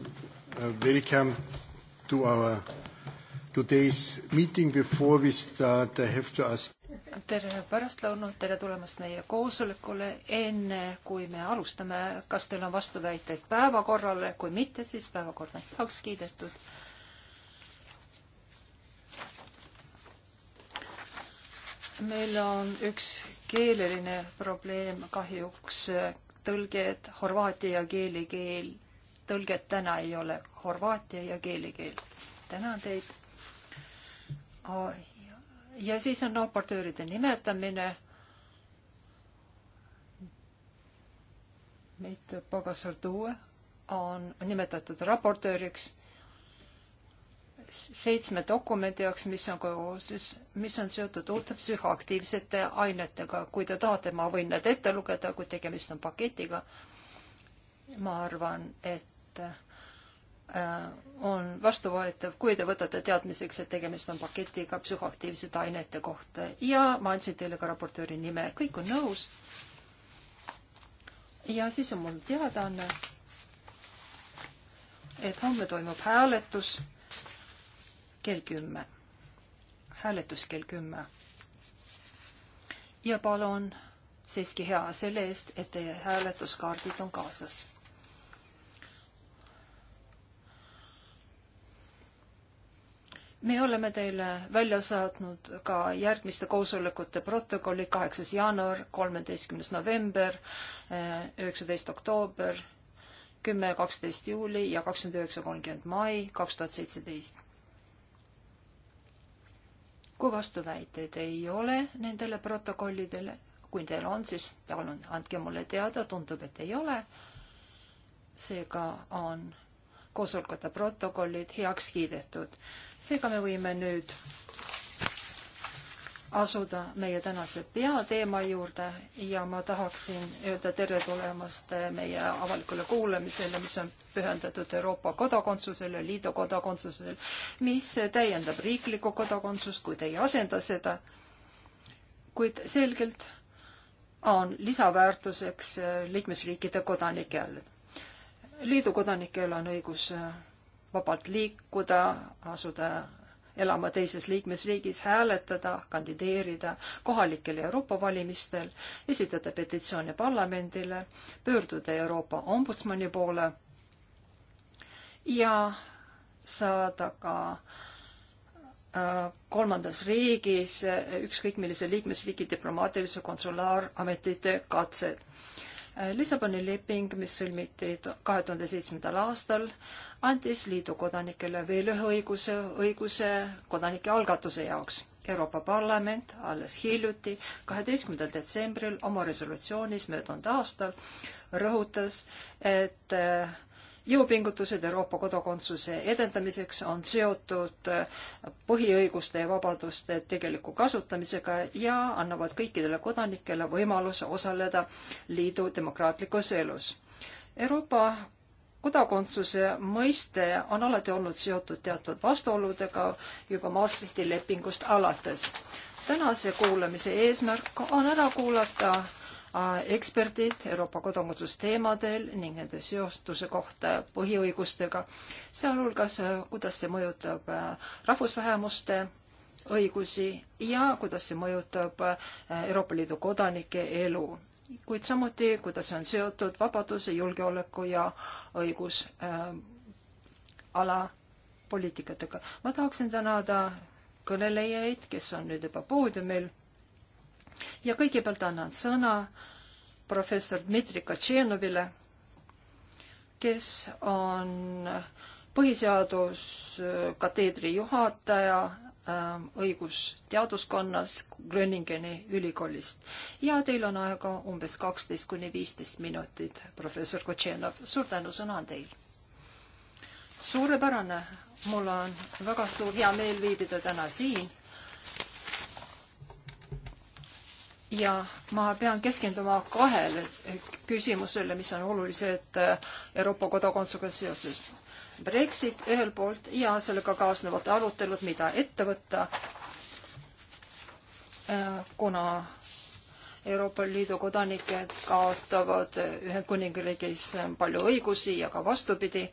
Uh, welcome to our today's meeting. Before we start, I have to ask tere pärastlõunat, tere tulemast meie koosolekule. enne kui me alustame, kas teil on vastuväiteid päevakorrale, kui mitte, siis päevakord on heaks kiidetud. meil on üks keeleline probleem kahjuks, tõlged horvaatia keeli keel tõlget täna ei ole horvaatia ja keelikeel. tänan teid. Oh, ja siis on raportööride nimetamine. meid Pagasardue on nimetatud raportööriks seitsme dokumendi jaoks, mis on kooses, mis on seotud uute psühhoaktiivsete ainetega. kui te tahate, ma võin need ette lugeda, kui tegemist on paketiga. ma arvan, et Äh, on vastuvõetav, kui te võtate teadmiseks, et tegemist on paketiga psühhoaktiivsete ainete kohta ja ma andsin teile ka raportööri nime, kõik on nõus. ja siis on mul teadaanne, et homme toimub hääletus kell kümme, hääletus kell kümme. ja palun seiski hea selle eest, et teie hääletuskaardid on kaasas me oleme teile välja saatnud ka järgmiste koosolekute protokolli kaheksas jaanuar, kolmeteistkümnes november, eh, üheksateist oktoober, kümme, kaksteist juuli ja kakskümmend üheksa, kolmkümmend mai kaks tuhat seitseteist. kui vastuväiteid ei ole nendele protokollidele, kui teil on, siis palun andke mulle teada, tundub, et ei ole. seega on koosolekute protokollid heaks kiidetud. seega me võime nüüd asuda meie tänase peateema juurde ja ma tahaksin öelda tere tulemast meie avalikule kuulamisele, mis on pühendatud Euroopa kodakondsusele, liidu kodakondsusele, mis täiendab riiklikku kodakondsust, kuid ei asenda seda. kuid selgelt on lisaväärtuseks liikmesriikide kodanikel liidu kodanikel on õigus äh, vabalt liikuda, asuda elama teises liikmesriigis, hääletada, kandideerida kohalikel Euroopa valimistel, esitada petitsioone parlamendile, pöörduda Euroopa ombudsmani poole ja saada ka äh, kolmandas riigis äh, ükskõik millise liikmesriigi diplomaatilise konsulaarametite katsed Lissaboni leping, mis sõlmiti kahe tuhande seitsmendal aastal, andis liidu kodanikele veel ühe õiguse, õiguse kodanike algatuse jaoks. Euroopa Parlament alles hiljuti, kaheteistkümnendal detsembril oma resolutsioonis möödunud aastal rõhutas, et äh, jõupingutused Euroopa kodakondsuse edendamiseks on seotud põhiõiguste ja vabaduste tegeliku kasutamisega ja annavad kõikidele kodanikele võimaluse osaleda liidu demokraatlikus elus. Euroopa kodakondsuse mõiste on alati olnud seotud teatud vastuoludega juba Maastrichti lepingust alates. tänase kuulamise eesmärk on ära kuulata eksperdid Euroopa kodakondsusteemadel ning nende seostuse kohta põhiõigustega, sealhulgas äh, kuidas see mõjutab äh, rahvusvähemuste õigusi ja kuidas see mõjutab äh, Euroopa Liidu kodanike elu, kuid samuti, kuidas see on seotud vabaduse, julgeoleku ja õigusala poliitikatega. ma tahaksin tänada kõnelejaid, kes on nüüd juba poodiumil ja kõigepealt annan sõna professor Dmitri Katšenovile, kes on põhiseaduskateedri juhataja ähm, õigusteaduskonnas Gröningeni ülikoolist. ja teil on aega umbes kaksteist kuni viisteist minutit, professor Kotšenov. suur tänu, sõna on teil. suurepärane, mul on väga suur hea meel viibida täna siin ja ma pean keskenduma kahele küsimusele, mis on olulised äh, Euroopa kodakondsusega seoses. Brexit ühelt poolt ja sellega kaasnevad arutelud, mida ette võtta, äh, kuna Euroopa Liidu kodanikud kaotavad Ühendkuningriigis palju õigusi ja ka vastupidi.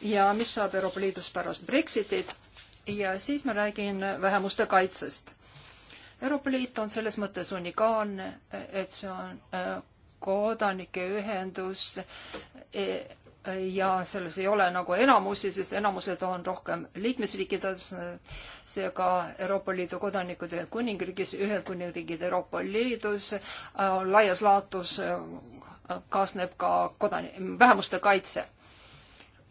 ja mis saab Euroopa Liidus pärast Brexitit ja siis ma räägin vähemuste kaitsest Euroopa Liit on selles mõttes unikaalne, et see on äh, kodanike ühendus e, ja selles ei ole nagu enamusi, sest enamused on rohkem liikmesriikides, seega Euroopa Liidu kodanikud Ühendkuningriigis, Ühendkuningriigid Euroopa Liidus, äh, laias laatus äh, kaasneb ka kodan-, vähemuste kaitse.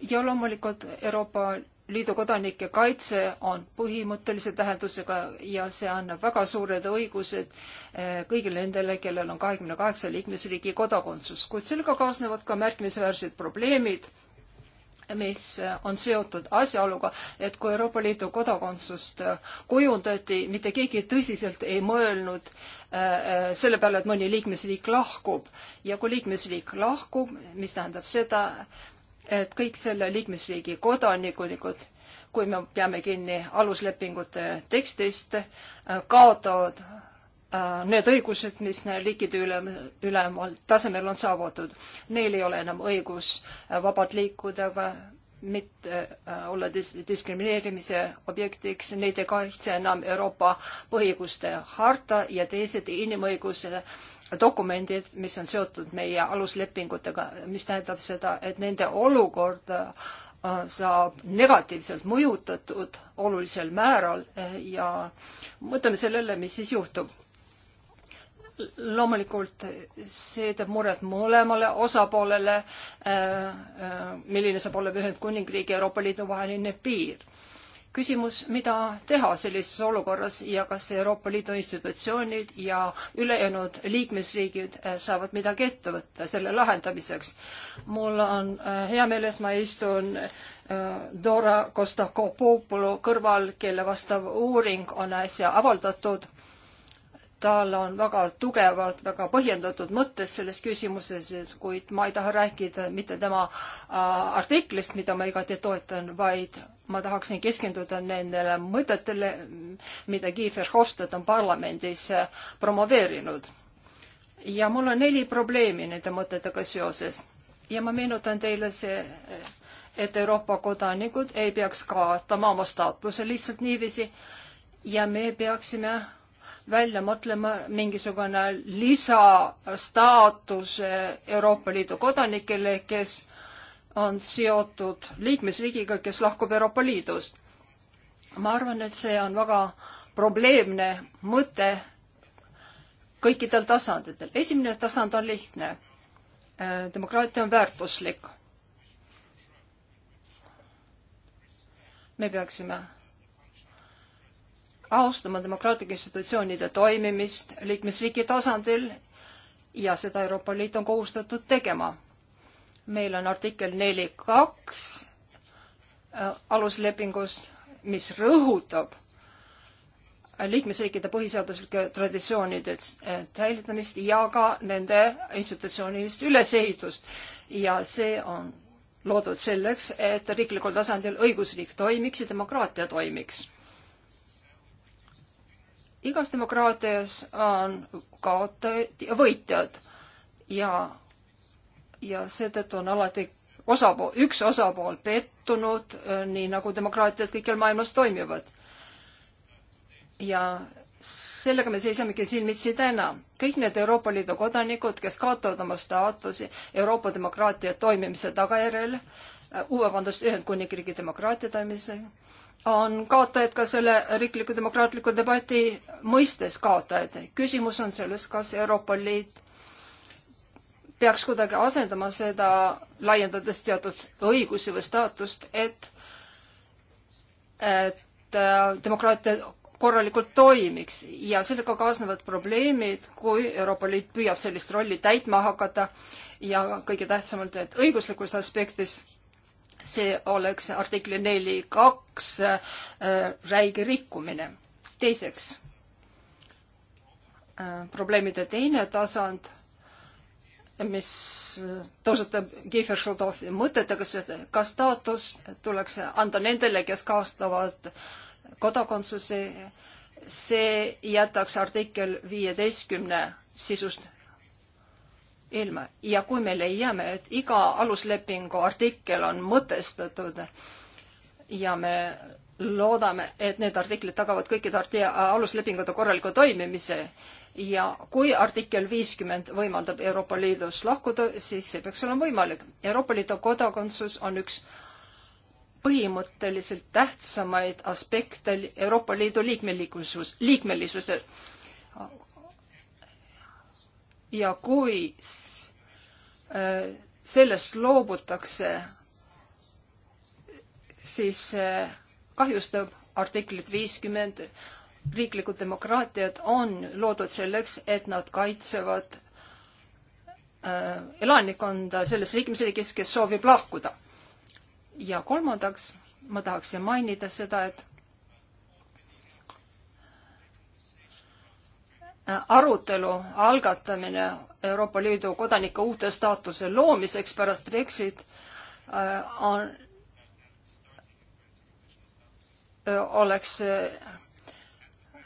ja loomulikult Euroopa Liidu kodanike kaitse on põhimõttelise tähendusega ja see annab väga suured õigused eh, kõigile nendele, kellel on kahekümne kaheksa liikmesriigi kodakondsus, kuid sellega kaasnevad ka märkimisväärsed probleemid, mis eh, on seotud asjaoluga, et kui Euroopa Liidu kodakondsust eh, kujundati, mitte keegi tõsiselt ei mõelnud selle peale, et mõni liikmesriik lahkub ja kui liikmesriik lahkub, mis tähendab seda, et kõik selle liikmesriigi kodanikud, kui me peame kinni aluslepingute tekstist, kaotavad äh, need õigused, mis riikide üle, ülemal tasemel on saavutatud. Neil ei ole enam õigus äh, vabalt liikuda, mitte äh, olla dis diskrimineerimise objektiks, neid ei kaitse enam Euroopa põhiõiguste harta ja teised inimõigused dokumendid, mis on seotud meie aluslepingutega, mis tähendab seda, et nende olukord äh, saab negatiivselt mõjutatud olulisel määral äh, ja mõtleme sellele, mis siis juhtub. loomulikult see teeb muret mõlemale osapoolele, äh, milline saab olla Ühendkuningriigi ja Euroopa Liidu vaheline piir küsimus, mida teha sellises olukorras ja kas Euroopa Liidu institutsioonid ja ülejäänud liikmesriigid eh, saavad midagi ette võtta selle lahendamiseks. mul on eh, hea meel, et ma istun eh, Dora Kostakopoulo kõrval, kelle vastav uuring on äsja avaldatud tal on väga tugevad, väga põhjendatud mõtted selles küsimuses, kuid ma ei taha rääkida mitte tema äh, artiklist, mida ma igati toetan, vaid ma tahaksin keskenduda nendele mõtetele, mida Guy Verhofstadt on parlamendis äh, promoveerinud. ja mul on neli probleemi nende mõtetega seoses ja ma meenutan teile see et Euroopa kodanikud ei peaks kaotama oma staatuse lihtsalt niiviisi ja me peaksime välja mõtlema mingisugune lisastaatus Euroopa Liidu kodanikele, kes on seotud liikmesriigiga, kes lahkub Euroopa Liidust. ma arvan, et see on väga probleemne mõte kõikidel tasanditel. esimene tasand on lihtne. demokraatia on väärtuslik. me peaksime austama demokraatlike institutsioonide toimimist liikmesriigi tasandil ja seda Euroopa Liit on kohustatud tegema. meil on artikkel neli kaks äh, aluslepingust, mis rõhutab liikmesriikide põhiseaduslike traditsioonide äh, säilitamist ja ka nende institutsioonilist ülesehitust. ja see on loodud selleks, et riiklikul tasandil õigusriik toimiks ja demokraatia toimiks igas demokraatias on kaotajad ja võitjad ja, ja seetõttu on alati osapool, üks osapool pettunud, äh, nii nagu demokraatiad kõikjal maailmas toimivad. ja sellega me seisamegi silmitsi täna. kõik need Euroopa Liidu kodanikud, kes kaotavad oma staatusi Euroopa demokraatia toimimise tagajärjel, äh, uue, vabandust, Ühendkuningriigi demokraatia toimimisega, on kaotajad ka selle riikliku demokraatliku debati mõistes kaotajad. küsimus on selles, kas Euroopa Liit peaks kuidagi asendama seda, laiendades teatud õigusi või staatust, et, et äh, demokraatia korralikult toimiks ja sellega kaasnevad probleemid, kui Euroopa Liit püüab sellist rolli täitma hakata ja kõige tähtsamalt, et õiguslikust aspektist see oleks artikli neli kaks äh, räige rikkumine. teiseks, äh, probleemide teine tasand, mis äh, tõusetab Kiefer-Schudovi mõtetega, ka staatus tuleks anda nendele, kes kaastavad kodakondsuse, see jätaks artikkel viieteistkümne sisust ilma ja kui me leiame, et iga aluslepingu artikkel on mõtestatud ja me loodame, et need artiklid tagavad kõikide arti-, aluslepingute korraliku toimimise ja kui artikkel viiskümmend võimaldab Euroopa Liidus lahkuda, siis see peaks olema võimalik. Euroopa Liidu kodakondsus on üks põhimõtteliselt tähtsamaid aspekte Euroopa Liidu liikmelisus, liikmelisuse ja kui äh, sellest loobutakse, siis äh, kahjustab artiklit viiskümmend. riiklikud demokraatiad on loodud selleks, et nad kaitsevad äh, elanikkonda selles liikmesriigis, kes soovib lahkuda. ja kolmandaks ma tahaksin mainida seda, et arutelu algatamine Euroopa Liidu kodanike uute staatuse loomiseks pärast Brexit äh, on, äh, oleks äh,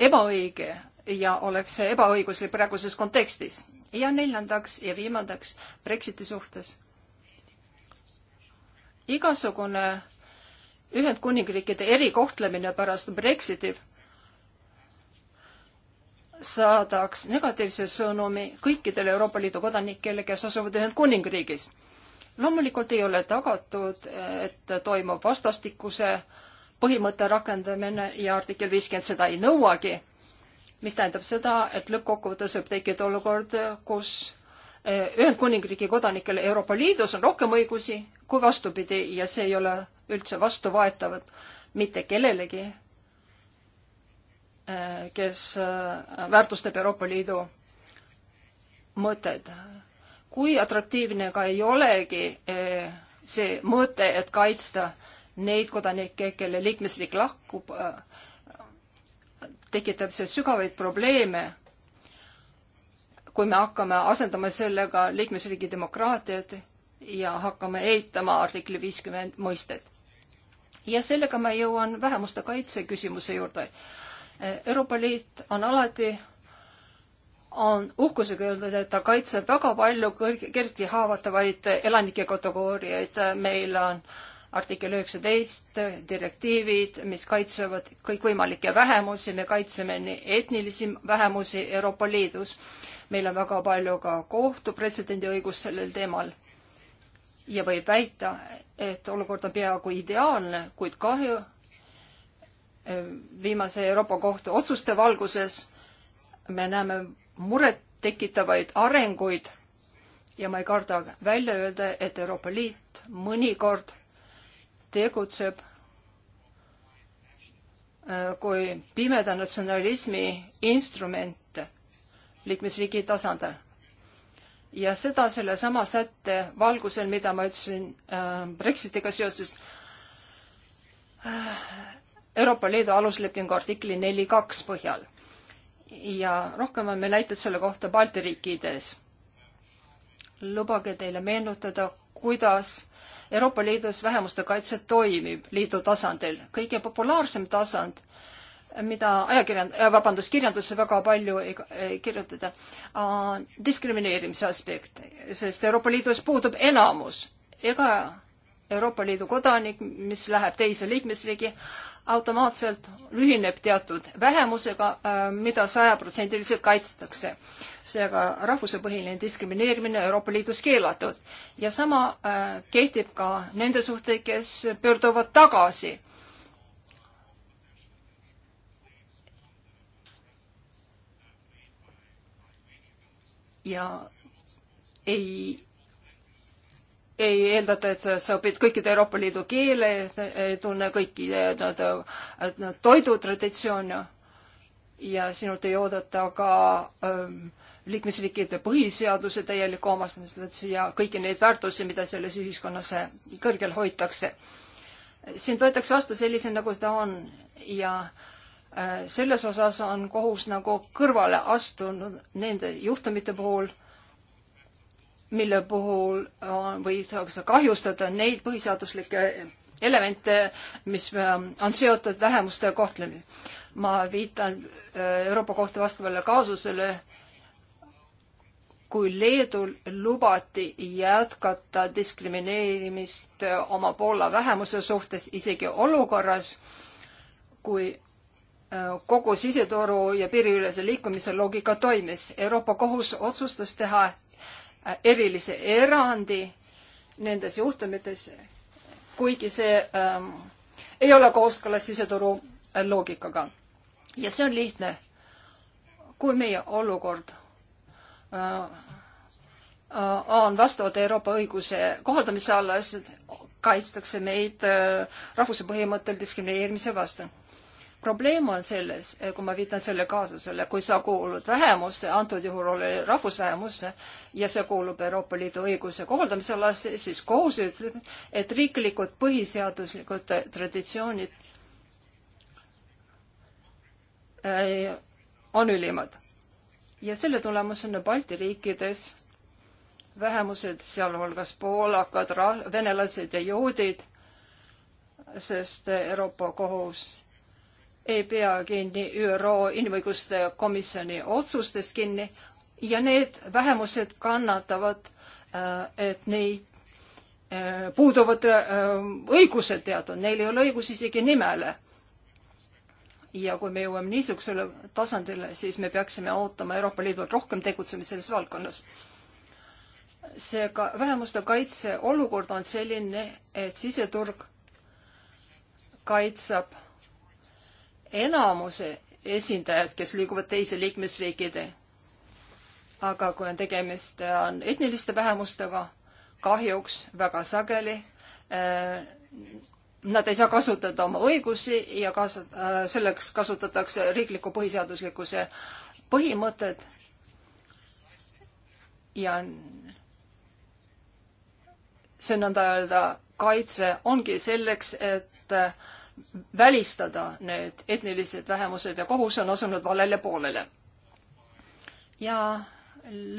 ebaõige ja oleks ebaõiguslik praeguses kontekstis. ja neljandaks ja viimandaks Brexiti suhtes. igasugune Ühendkuningriikide erikohtlemine pärast Brexitit saadaks negatiivse sõnumi kõikidele Euroopa Liidu kodanikele, kes asuvad Ühendkuningriigis. loomulikult ei ole tagatud, et toimub vastastikuse põhimõtte rakendamine ja artikkel viiskümmend seda ei nõuagi, mis tähendab seda, et lõppkokkuvõttes võib tekkida olukord, kus eh, Ühendkuningriigi kodanikel Euroopa Liidus on rohkem õigusi kui vastupidi ja see ei ole üldse vastuvõetavad mitte kellelegi Äh, kes äh, väärtustab Euroopa Liidu mõtted. kui atraktiivne ka ei olegi äh, see mõte, et kaitsta neid kodanikke, kelle liikmesriik lahkub, tekitab see sügavaid probleeme, kui me hakkame asendama sellega liikmesriigi demokraatiat ja hakkame eitama artikli viiskümmend mõistet. ja sellega ma jõuan vähemuste kaitse küsimuse juurde Euroopa Liit on alati, on uhkusega öeldud, et ta kaitseb väga palju kõrge, kergesti haavatavaid elanike kategooriaid. meil on artikkel üheksateist, direktiivid, mis kaitsevad kõikvõimalikke vähemusi, me kaitseme nii etnilisi vähemusi Euroopa Liidus. meil on väga palju ka kohtupretsedendi õigust sellel teemal ja võib väita, et olukord on peaaegu ideaalne, kuid kahju viimase Euroopa Kohtu otsuste valguses me näeme muret tekitavaid arenguid ja ma ei karda välja öelda, et Euroopa Liit mõnikord tegutseb äh, kui pimeda natsionalismi instrument liikmesriigi tasandil. ja seda sellesama sätte valgusel, mida ma ütlesin äh, Brexitiga seoses äh,, Euroopa Liidu aluslepingu artikli neli kaks põhjal. ja rohkem on meil näiteid selle kohta Balti riikides. lubage teile meenutada, kuidas Euroopa Liidus vähemuste kaitse toimib liidu tasandil. kõige populaarsem tasand, mida ajakirjand-, äh, vabandust, kirjandusse väga palju ei, ei kirjutada, on diskrimineerimise aspekt, sest Euroopa Liidus puudub enamus ega Euroopa Liidu kodanik, mis läheb teise liikmesriigi, automaatselt ühineb teatud vähemusega mida, äh, mida sajaprotsendiliselt kaitstakse. seega rahvusepõhiline diskrimineerimine Euroopa Liidus keelatud. ja sama äh, kehtib ka nende suhtes, kes pöörduvad tagasi. ja ei ei eeldata, et sa õpid kõikide Euroopa Liidu keele, ei tunne kõiki eh, eh, toidutraditsioone ja sinult ei oodata ka ähm, liikmesriikide põhiseaduse täielikku omastamist ja kõiki neid väärtusi, mida selles ühiskonnas kõrgel hoitakse. sind võetakse vastu sellise, nagu ta on ja äh, selles osas on kohus nagu kõrvale astunud nende juhtumite puhul mille puhul on, või saaks kahjustada neid põhiseaduslikke elemente, mis ähm, on seotud vähemuste kohtlemisega. ma viitan äh, Euroopa Kohtu vastavale kaasusele, kui Leedul lubati jätkata diskrimineerimist äh, oma Poola vähemuse suhtes isegi olukorras, kui äh, kogu siseturu ja piiriülese liikumise loogika toimis. Euroopa Kohus otsustas teha Äh, erilise erandi nendes juhtumites, kuigi see ähm, ei ole kooskõlas siseturu äh, loogikaga. ja see on lihtne. kui meie olukord äh, äh on vastavalt Euroopa õiguse kohaldamise alla, kaitstakse meid äh, rahvuse põhimõttel diskrimineerimise vastu probleem on selles, eh, kui ma viitan selle kaasusele, kui sa kuulud vähemusse, antud juhul oli rahvusvähemusse, ja see kuulub Euroopa Liidu õiguse kohaldamise alasse, siis kohus ütleb, et riiklikud põhiseaduslikud traditsioonid eh, on ülimad. ja selle tulemusena Balti riikides vähemused, sealhulgas poolakad, venelased ja juudid, sest Euroopa kohus ei pea kinni ÜRO Inimõiguste Komisjoni otsustest kinni ja need vähemused kannatavad, äh, et neid äh, puuduvad äh, õigused teatud, neil ei ole õigus isegi nimele. ja kui me jõuame niisugusele tasandile, siis me peaksime ootama Euroopa Liidult rohkem tegutsemist selles valdkonnas seega vähemuste kaitse olukord on selline, et siseturg kaitseb enamuse esindajad, kes liiguvad teise liikmesriikide. aga kui on tegemist, on etniliste vähemustega, kahjuks väga sageli äh, nad ei saa kasutada oma õigusi ja kaasa, äh, selleks kasutatakse riikliku põhiseaduslikkuse põhimõtted ja see nõnda öelda kaitse ongi selleks, et äh, välistada need etnilised vähemused ja kohus on asunud valele poolele. ja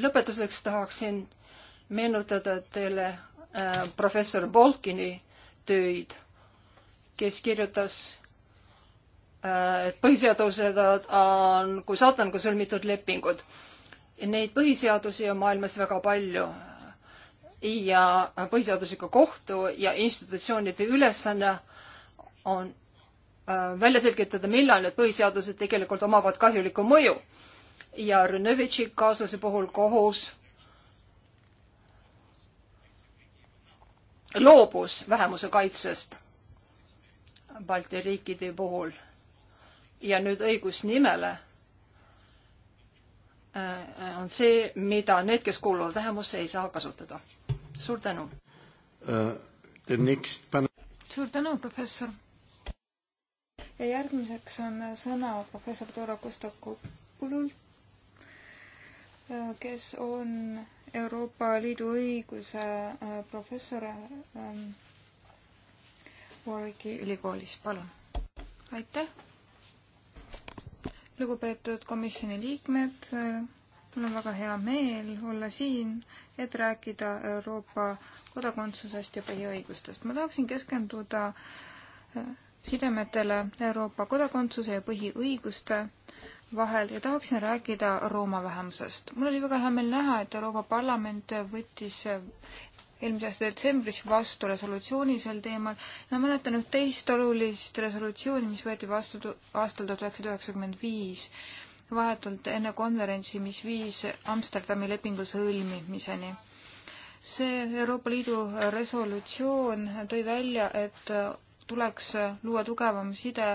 lõpetuseks tahaksin meenutada teile äh, professor Bolkini töid, kes kirjutas, äh, et põhiseadused on kui saatanaga sõlmitud lepingud. Neid põhiseadusi on maailmas väga palju ja põhiseadusliku kohtu ja institutsioonide ülesanne on äh, välja selgitada, millal need põhiseadused tegelikult omavad kahjulikku mõju. ja Rõnevitši kaasuse puhul kohus loobus vähemuse kaitsest Balti riikide puhul ja nüüd õigus nimele äh, on see, mida need, kes kuuluvad vähemusse, ei saa kasutada. suur tänu uh,! Next... suur tänu, professor! ja järgmiseks on sõna professor Toro Kostakopoulul, kes on Euroopa Liidu õiguse äh, professor ähm, Warwicki ülikoolis, palun. aitäh. lugupeetud komisjoni liikmed, äh, mul on väga hea meel olla siin, et rääkida Euroopa kodakondsusest ja põhiõigustest. ma tahaksin keskenduda äh, sidemetele Euroopa kodakondsuse ja põhiõiguste vahel ja tahaksin rääkida Rooma vähemusest. mul oli väga hea meel näha, et Euroopa Parlament võttis eelmise aasta detsembris vastu resolutsiooni sel teemal. ma mäletan üht teist olulist resolutsiooni, mis võeti vastu aastal tuhat üheksasada üheksakümmend viis, vahetult enne konverentsi, mis viis Amsterdami lepingu sõlmimiseni. see Euroopa Liidu resolutsioon tõi välja, et tuleks luua tugevam side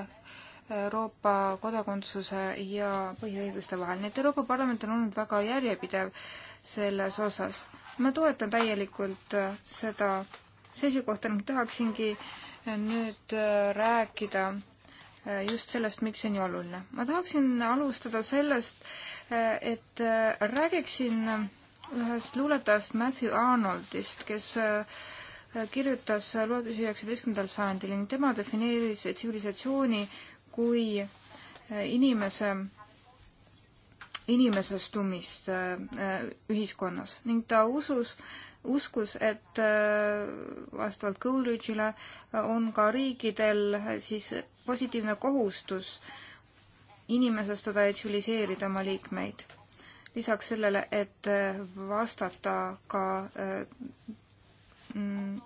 Euroopa kodakondsuse ja põhiõiguste vahel. nii et Euroopa Parlament on olnud väga järjepidev selles osas. ma toetan täielikult seda seisukohta ning tahaksingi nüüd rääkida just sellest, miks see nii oluline. ma tahaksin alustada sellest, et räägiksin ühest luuletajast Matthew Arnoldist, kes kirjutas loodus üheksateistkümnendal sajandil ning tema defineeris tsivilisatsiooni kui äh, inimese, inimesestumist äh, ühiskonnas ning ta usus, uskus, et äh, vastavalt Coolidge'ile on ka riikidel siis positiivne kohustus inimesestada ja tsiviliseerida oma liikmeid. lisaks sellele, et vastata ka Mm.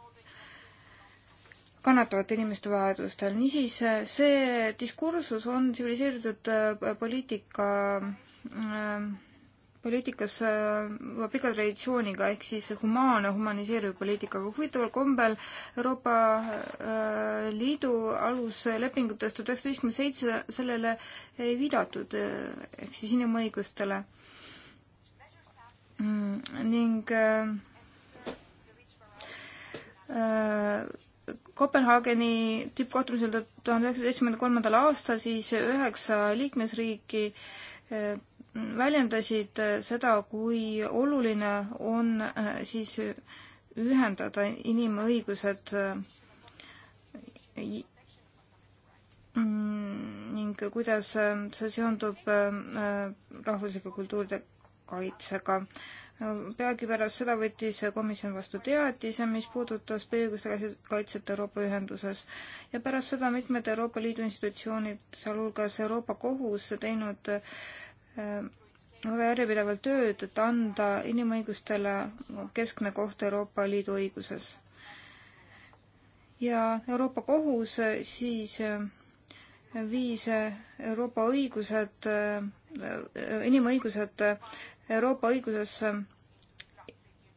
kannatavate inimeste vajadustel. niisiis, see diskursus on tsiviliseeritud äh, poliitika, äh, poliitikas juba äh, pika traditsiooniga, ehk siis humaanne, humaniseeriv poliitika, aga huvitaval kombel Euroopa Liidu aluslepingutest tuhat üheksasada viiskümmend seitse sellele ei viidatud, ehk siis inimõigustele. Mm, ning äh, Äh, Kopenhaageni tippkohtumisel tuhande üheksasaja seitsmekümne kolmandal aastal siis üheksa liikmesriiki äh, väljendasid äh, seda, kui oluline on siis ühendada inimõigused mm, ning kuidas see seondub rahvuslike kultuuride kaitsega peagi pärast seda võttis komisjon vastu teatise, mis puudutas põhiõiguste kaitset Euroopa Ühenduses ja pärast seda mitmed Euroopa Liidu institutsioonid, sealhulgas Euroopa Kohus, teinud äh, järjepidevalt tööd, et anda inimõigustele keskne koht Euroopa Liidu õiguses. ja Euroopa Kohus siis äh, viis Euroopa õigused, äh, inimõigused Euroopa õiguses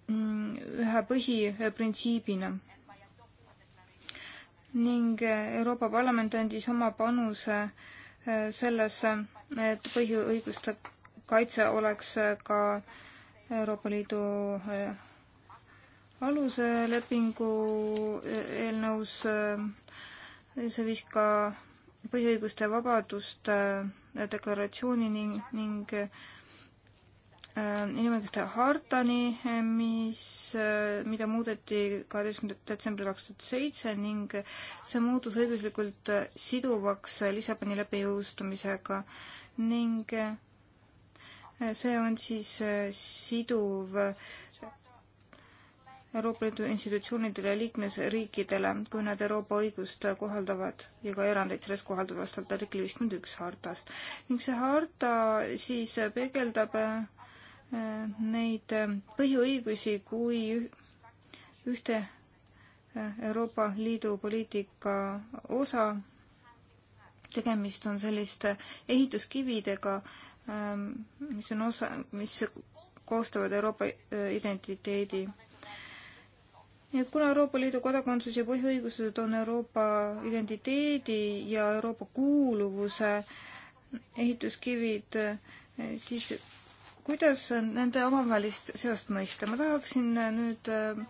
mm, ühe põhiprintsiibina. ning Euroopa Parlament andis oma panuse eh, sellesse, et põhiõiguste kaitse oleks ka Euroopa Liidu eh, aluslepingu eh, eelnõus, see viis ka põhiõiguste vabaduste deklaratsiooni ning, ning Äh, inimõiguste hartani, mis, äh, mida muudeti kaheteistkümnendal detsembril kaks tuhat seitse ning see muutus õiguslikult siduvaks Lissaboni leppe jõustumisega ning äh, see on siis siduv Euroopa Liidu institutsioonidele ja liikmesriikidele, kui nad Euroopa õigust kohaldavad ja ka erandeid sellest kohaldavad vastavalt artikli viiskümmend üks hartast. ning see harta siis peegeldab neid äh, põhiõigusi kui ühte äh, Euroopa Liidu poliitika osa. tegemist on selliste ehituskividega, ähm, mis on osa, mis koostavad Euroopa äh, identiteedi nii et kuna Euroopa Liidu kodakondsus ja põhiõigused on Euroopa identiteedi ja Euroopa kuuluvuse ehituskivid, siis kuidas nende omavahelist seost mõista? ma tahaksin nüüd äh,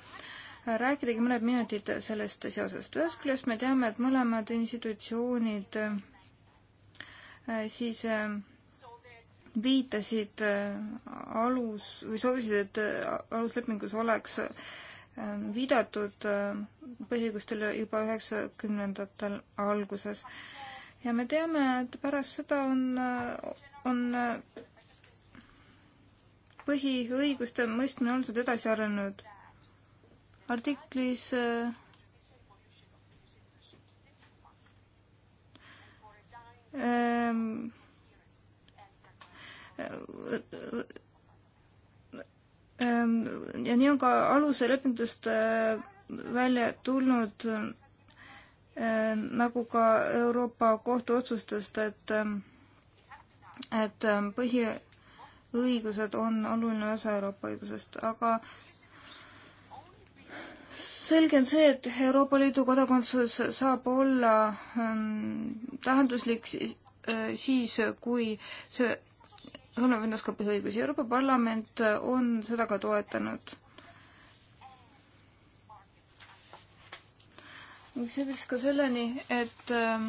rääkidagi mõned minutid sellest seosest. ühest küljest me teame, et mõlemad institutsioonid äh, siis äh, viitasid alus või soovisid, et aluslepingus oleks viidatud põhiõigustele juba üheksakümnendatel alguses. ja me teame, et pärast seda on, on põhiõiguste mõistmine on seda edasi arenenud. artiklis äh, ähm, ähm, ja nii on ka aluse lepingutest äh, välja tulnud äh, nagu ka Euroopa kohtu otsustest, et äh, et äh, põhi õigused on oluline osa Euroopa õigusest, aga selge on see, et Euroopa Liidu kodakondsus saab olla ähm, tähenduslik siis, äh, siis, kui see hõlmab endas ka põhiõigusi. Euroopa Parlament on seda ka toetanud ning see viiks ka selleni, et ähm,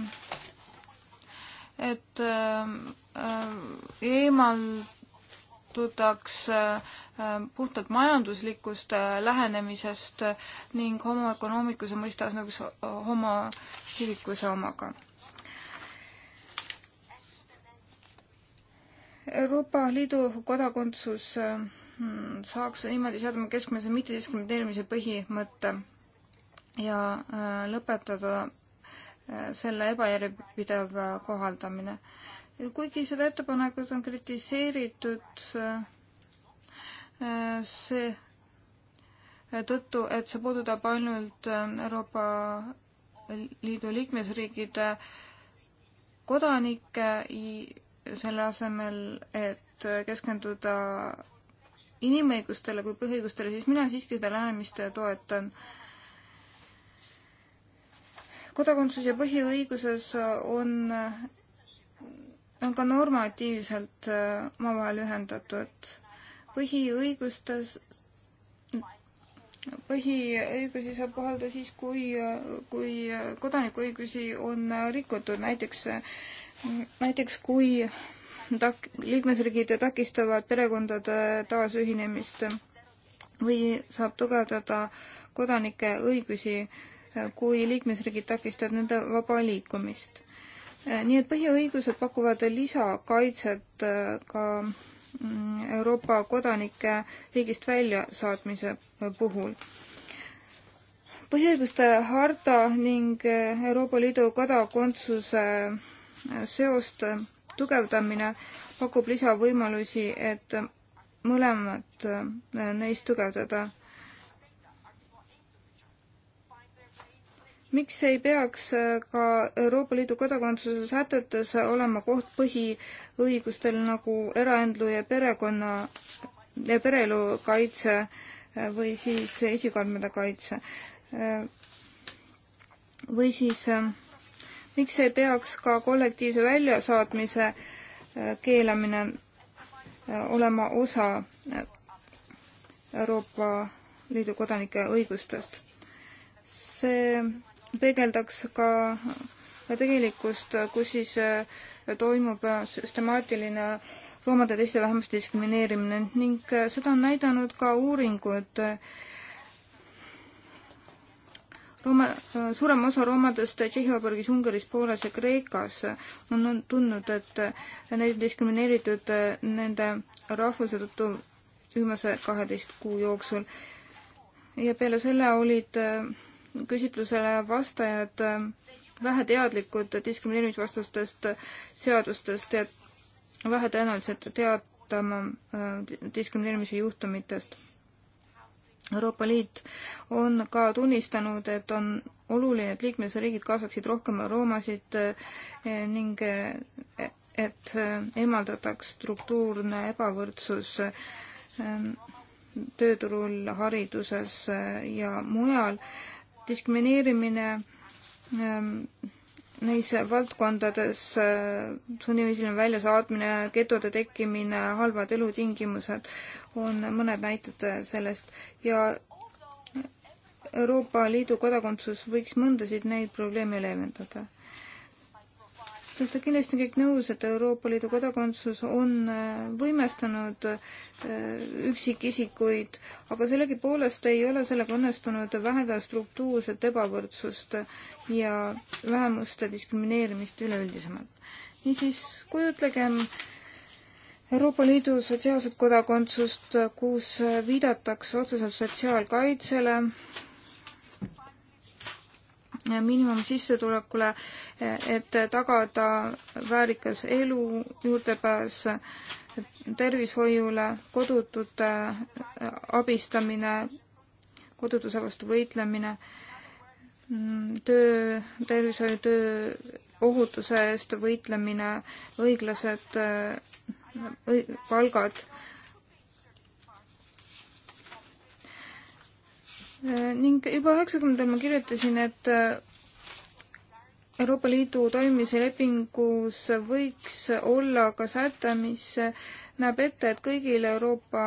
et ähm, äh, eemal lähtutakse äh, äh, puhtalt majanduslikust äh, lähenemisest ning homo economicuse mõiste asendus nagu homo civicuse omaga. Euroopa Liidu kodakondsus hmm, saaks niimoodi seadma keskmise mittediskrimineerimise põhimõtte ja lõpetada selle ebajärjepidev kohaldamine kuigi seda ettepanekut on kritiseeritud äh, see tõttu, et see puudutab ainult äh, Euroopa Liidu liikmesriigide kodanikke, selle asemel, et keskenduda inimõigustele kui põhiõigustele, siis mina siiski seda lähenemist toetan kodakondsus ja põhiõiguses on on ka normatiivselt äh, omavahel ühendatud. põhiõigustes, põhiõigusi saab kohaldada siis, kui, kui kodanikuõigusi on rikutud, näiteks, näiteks kui tak-, liikmesriigid takistavad perekondade taasühinemist või saab tugevdada kodanike õigusi, kui liikmesriigid takistavad nende vaba liikumist Äh, nii et põhiõigused pakuvad lisakaitset äh, ka mm, Euroopa kodanike riigist väljasaatmise äh, puhul. põhiõiguste harta ning Euroopa Liidu kodakondsuse seost tugevdamine pakub lisavõimalusi, et mõlemat neist tugevdada miks ei peaks äh, ka Euroopa Liidu kodakondsuse sätetes olema koht põhiõigustel nagu eraendlu ja perekonna ja pereelu kaitse äh, või siis isikuandmete kaitse? Äh, või siis miks ei peaks ka kollektiivse väljasaatmise keelamine olema osa Euroopa Liidu kodanike õigustest? see peegeldaks ka tegelikkust, kus siis äh, toimub äh, süstemaatiline loomade teiste vähemuste diskrimineerimine ning äh, seda on näidanud ka uuringud. Rooma, suurem osa roomadest Tšehhovabariigis, Ungaris, Poolas ja Kreekas on tundnud, et neid on diskrimineeritud nende rahvuse tõttu viimase kaheteist kuu jooksul. ja peale selle olid äh, küsitlusele vastajad äh, väheteadlikud diskrimineerimisvastastest seadustest ja vähetõenäoliselt teatama äh, diskrimineerimise juhtumitest. Euroopa Liit on ka tunnistanud, et on oluline, et liikmesriigid kaasaksid rohkem roomasid äh, ning et eemaldataks struktuurne ebavõrdsus tööturul, hariduses ja mujal diskrimineerimine ähm, neis valdkondades, äh, sunniviisiline väljasaatmine, getode tekkimine, halvad elutingimused on mõned näited sellest ja Euroopa Liidu kodakondsus võiks mõndasid neid probleeme leevendada sest kindlasti on kõik nõus, et Euroopa Liidu kodakondsus on äh, võimestanud äh, üksikisikuid, aga sellegipoolest ei ole sellega õnnestunud vähendada struktuurset ebavõrdsust ja vähemuste diskrimineerimist üleüldisemalt. niisiis kujutlegem Euroopa Liidu sotsiaalset kodakondsust, kus viidatakse otseselt sotsiaalkaitsele, miinimumsissetulekule, et tagada väärikas elu, juurdepääs tervishoiule, kodutute abistamine, kodutuse vastu võitlemine, töö, tervishoiutöö ohutuse eest võitlemine, õiglased palgad ning juba üheksakümnendal ma kirjutasin, et äh, Euroopa Liidu toimimise lepingus võiks olla ka säte, mis näeb ette, et kõigil Euroopa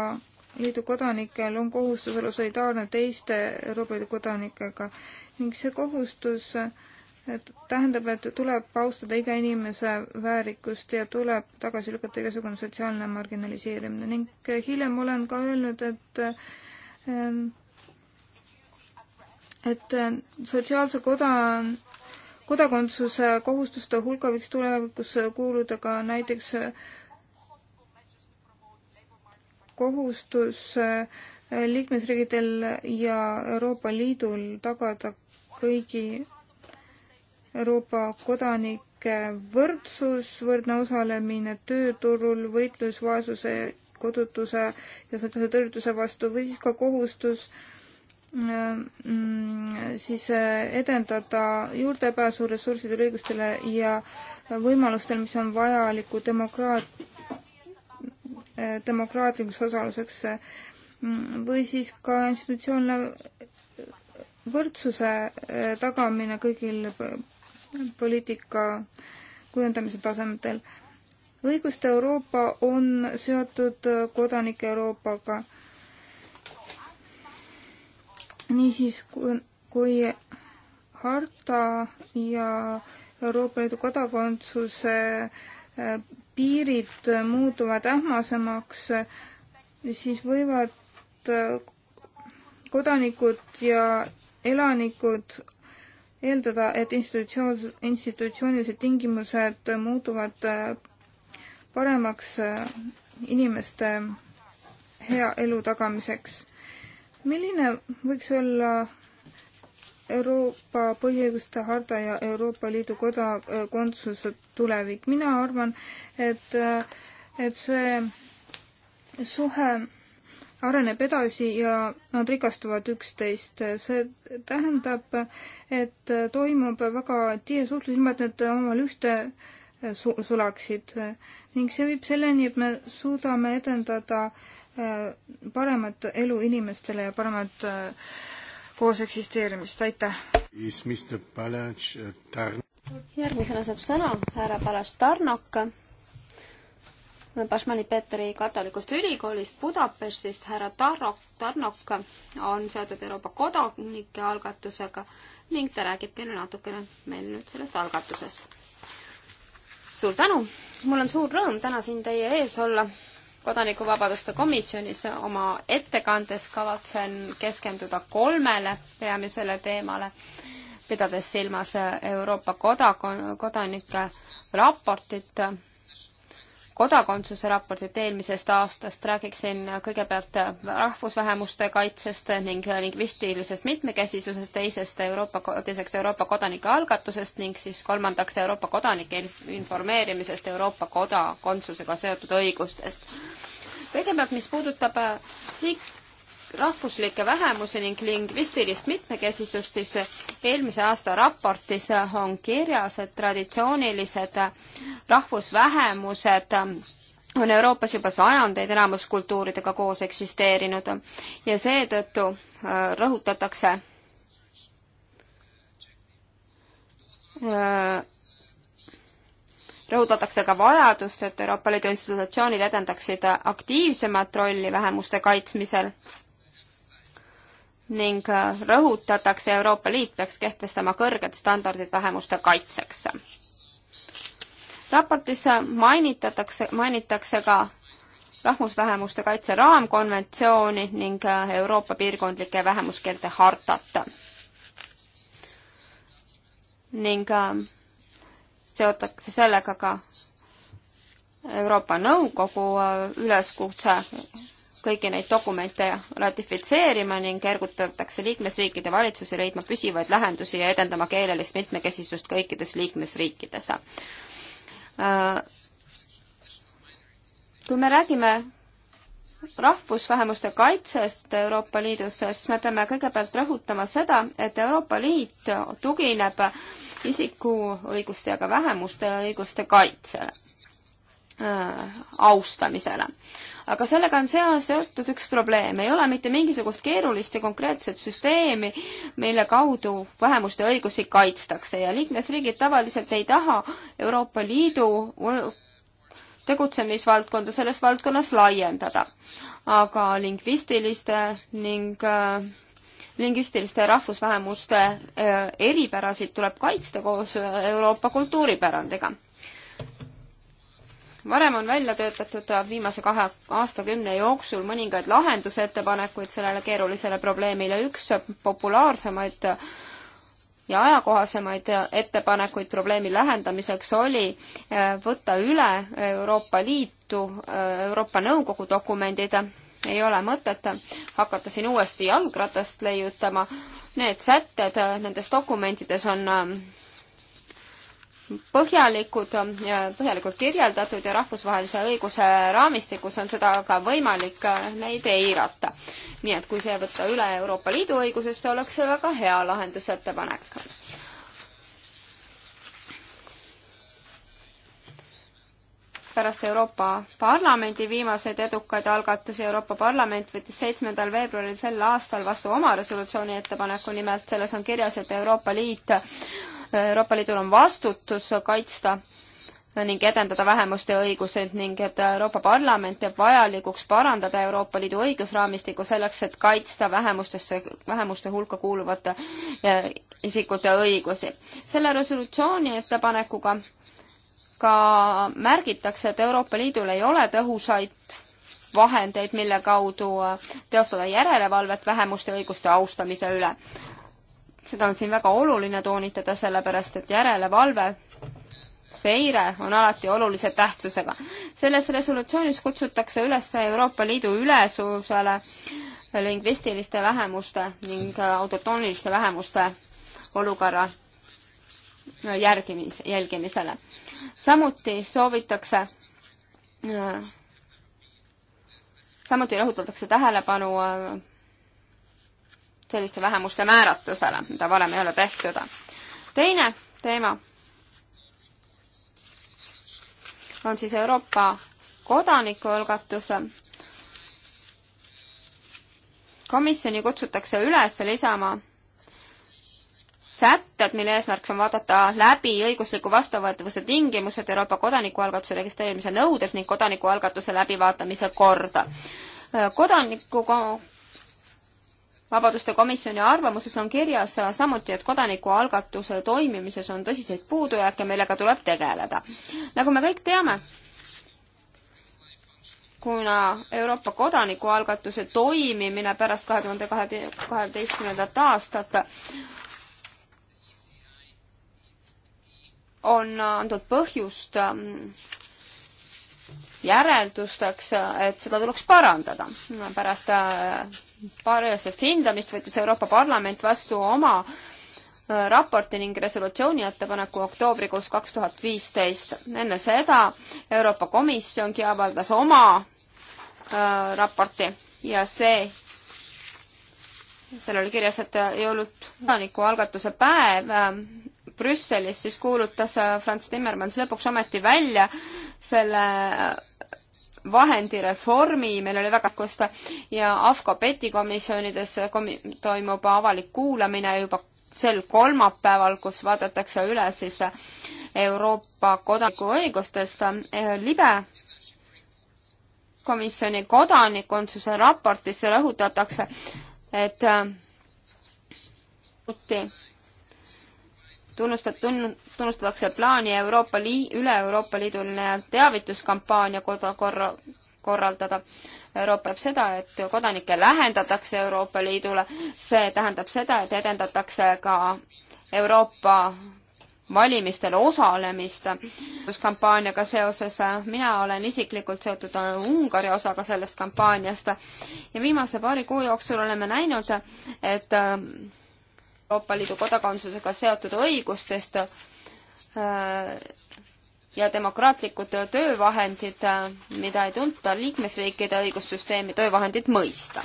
Liidu kodanikel on kohustus olla solidaarne teiste Euroopa Liidu kodanikega ning see kohustus et äh, tähendab, et tuleb austada iga inimese väärikust ja tuleb tagasi lükata igasugune sotsiaalne marginaliseerimine ning äh, hiljem olen ka öelnud, et et äh, sotsiaalse koda, kodakondsuse kohustuste hulka võiks tulevikus äh, kuuluda ka näiteks äh, kohustus liikmesriigidel ja Euroopa Liidul tagada kõigi Euroopa kodanike võrdsus, võrdne osalemine tööturul, võitlus vaesuse, kodutuse ja sotsiaalse tõrjutuse vastu või siis ka kohustus äh, Äh, mm, siis äh, edendada juurdepääsu ressurssidele, õigustele ja võimalustel, mis on vajaliku demokraat-, äh, demokraatlikuks osaluseks mm, või siis ka institutsioonile võrdsuse tagamine kõigil poliitika kujundamise tasemetel. õiguste Euroopa on seotud kodanike Euroopaga niisiis, kui, kui harta ja Euroopa Liidu kodakondsuse äh, piirid muutuvad ähmasemaks, siis võivad äh, kodanikud ja elanikud eeldada, et institutsioon, institutsioonilised tingimused muutuvad äh, paremaks inimeste hea elu tagamiseks milline võiks olla Euroopa põhiõiguste harta ja Euroopa Liidu kodakondsuse tulevik. mina arvan, et, et see suhe areneb edasi ja nad rikastuvad üksteist. see tähendab, et toimub väga tihe suhtlus, ilma et nad omavahel ühte sulaksid ning see viib selleni, et me suudame edendada äh, Äh, paremat elu inimestele ja paremat äh, koos eksisteerimist, aitäh! Äh, järgmisena saab sõna härra Palas Tarnok, Basmani Petri katolikust ülikoolist Budapestist, härra Tarnok, Tarnok on seotud Euroopa kodanike algatusega ning ta räägib teile natukene meil nüüd sellest algatusest. suur tänu! mul on suur rõõm täna siin teie ees olla kodanikuvabaduste komisjonis oma ettekandes kavatsen keskenduda kolmele peamisele teemale, pidades silmas Euroopa koda-, kodanike raportit kodakondsuse raportit eelmisest aastast, räägiksin kõigepealt rahvusvähemuste kaitsest ning lingvistilisest mitmekesisusest, teisest Euroopa, teiseks Euroopa kodanike algatusest ning siis kolmandaks Euroopa kodanike informeerimisest Euroopa kodakondsusega seotud õigustest. kõigepealt, mis puudutab riik, äh, rahvuslikke vähemusi ning lingvistilist mitmekesisust, siis eelmise aasta raportis on kirjas, et traditsioonilised rahvusvähemused on Euroopas juba sajandeid enamuskultuuridega koos eksisteerinud ja seetõttu äh, rõhutatakse äh, rõhutatakse ka vajadust, et Euroopa Liidu institutsioonid edendaksid aktiivsemat rolli vähemuste kaitsmisel ning äh, rõhutatakse, Euroopa Liit peaks kehtestama kõrged standardid vähemuste kaitseks. raportis äh, mainitatakse, mainitakse ka rahvusvähemuste kaitse raamkonventsiooni ning äh, Euroopa piirkondlike vähemuskeelte hartat. ning seotakse sellega ka Euroopa Nõukogu üleskutse kõiki neid dokumente ratifitseerima ning ergutatakse liikmesriikide valitsusi leidma püsivaid lahendusi ja edendama keelelist mitmekesisust kõikides liikmesriikides. Äh, kui me räägime rahvusvähemuste kaitsest Euroopa Liidus, siis me peame kõigepealt rõhutama seda, et Euroopa Liit tugineb isikuõiguste ja ka vähemuste õiguste kaitsele Äh, austamisele. aga sellega on seotud üks probleem, ei ole mitte mingisugust keerulist ja konkreetset süsteemi, mille kaudu vähemuste õigusi kaitstakse ja liikmesriigid tavaliselt ei taha Euroopa Liidu tegutsemisvaldkonda selles valdkonnas laiendada. aga lingvistiliste ning äh, lingvistiliste rahvusvähemuste äh, eripärasid tuleb kaitsta koos Euroopa kultuuripärandiga varem on välja töötatud viimase kahe aastakümne jooksul mõningaid lahendusettepanekuid sellele keerulisele probleemile. üks populaarsemaid ja ajakohasemaid ettepanekuid probleemi lähendamiseks oli äh, võtta üle Euroopa Liitu, äh, Euroopa Nõukogu dokumendid. ei ole mõtet hakata siin uuesti jalgratast leiutama. Need sätted nendes dokumentides on äh, põhjalikud, põhjalikult kirjeldatud ja rahvusvahelise õiguse raamistikus on seda ka võimalik äh, neid eirata. nii et kui see võtta üle Euroopa Liidu õigusesse, oleks see väga hea lahendusettepanek. pärast Euroopa Parlamendi viimaseid edukaid algatusi Euroopa Parlament võttis seitsmendal veebruaril sel aastal vastu oma resolutsiooni ettepaneku, nimelt selles on kirjas, et Euroopa Liit Euroopa Liidul on vastutus kaitsta ning edendada vähemuste õiguseid ning et Euroopa Parlament peab vajalikuks parandada Euroopa Liidu õigusraamistikku selleks, et kaitsta vähemustesse, vähemuste hulka kuuluvate isikute õigusi. selle resolutsiooni ettepanekuga ka märgitakse, et Euroopa Liidul ei ole tõhusaid vahendeid, mille kaudu teostada järelevalvet vähemuste õiguste austamise üle seda on siin väga oluline toonitada, sellepärast et järelevalve seire on alati olulise tähtsusega. selles resolutsioonis kutsutakse üles Euroopa Liidu ülesusele lingvistiliste vähemuste ning autotooniliste vähemuste olukorra järgimis, jälgimisele. samuti soovitakse, samuti rõhutatakse tähelepanu selliste vähemuste määratlusele, mida varem ei ole tehtud. teine teema on siis Euroopa kodanikualgatus. komisjoni kutsutakse üles lisama sätted, mille eesmärk on vaadata läbi õigusliku vastavõetavuse tingimused Euroopa kodanikualgatuse registreerimise nõuded ning kodanikualgatuse läbivaatamise korda. kodaniku vabaduste komisjoni arvamuses on kirjas samuti, et kodanikualgatuse toimimises on tõsiseid puudujääke, millega tuleb tegeleda. nagu me kõik teame, kuna Euroopa kodanikualgatuse toimimine pärast kahe tuhande kaheteistkümnendat aastat on andnud põhjust järeldusteks, et seda tuleks parandada. pärast äh, paariasest hindamist võttis Euroopa Parlament vastu oma äh, raporti ning resolutsiooni ettepaneku oktoobrikuus kaks tuhat viisteist. enne seda Euroopa Komisjongi avaldas oma äh, raporti ja see, seal oli kirjas, et jõulud kodanikualgatuse päev äh, Brüsselis siis kuulutas äh, Franz Timmermann lõpuks ometi välja selle vahendireformi, meil oli väga kust ja AFCO PETi komisjonides komi-, toimub avalik kuulamine juba sel kolmapäeval, kus vaadatakse üle siis Euroopa kodanikuõigustest libe komisjoni kodanikunsuse raportis rõhutatakse, et tunnustat-, tunn-, tunnustatakse plaani Euroopa Lii-, üle Euroopa Liiduline teavituskampaania koda-, korra-, korraldada. Euroopa jääb seda, et kodanikke lähendatakse Euroopa Liidule, see tähendab seda, et edendatakse ka Euroopa valimistel osalemist. kampaaniaga seoses mina olen isiklikult seotud Ungari osaga sellest kampaaniast ja viimase paari kuu jooksul oleme näinud, et Euroopa Liidu kodakondsusega seotud õigustest äh, ja demokraatlikud töövahendid, äh, mida ei tunta liikmesriikide õigussüsteemi, töövahendid mõista.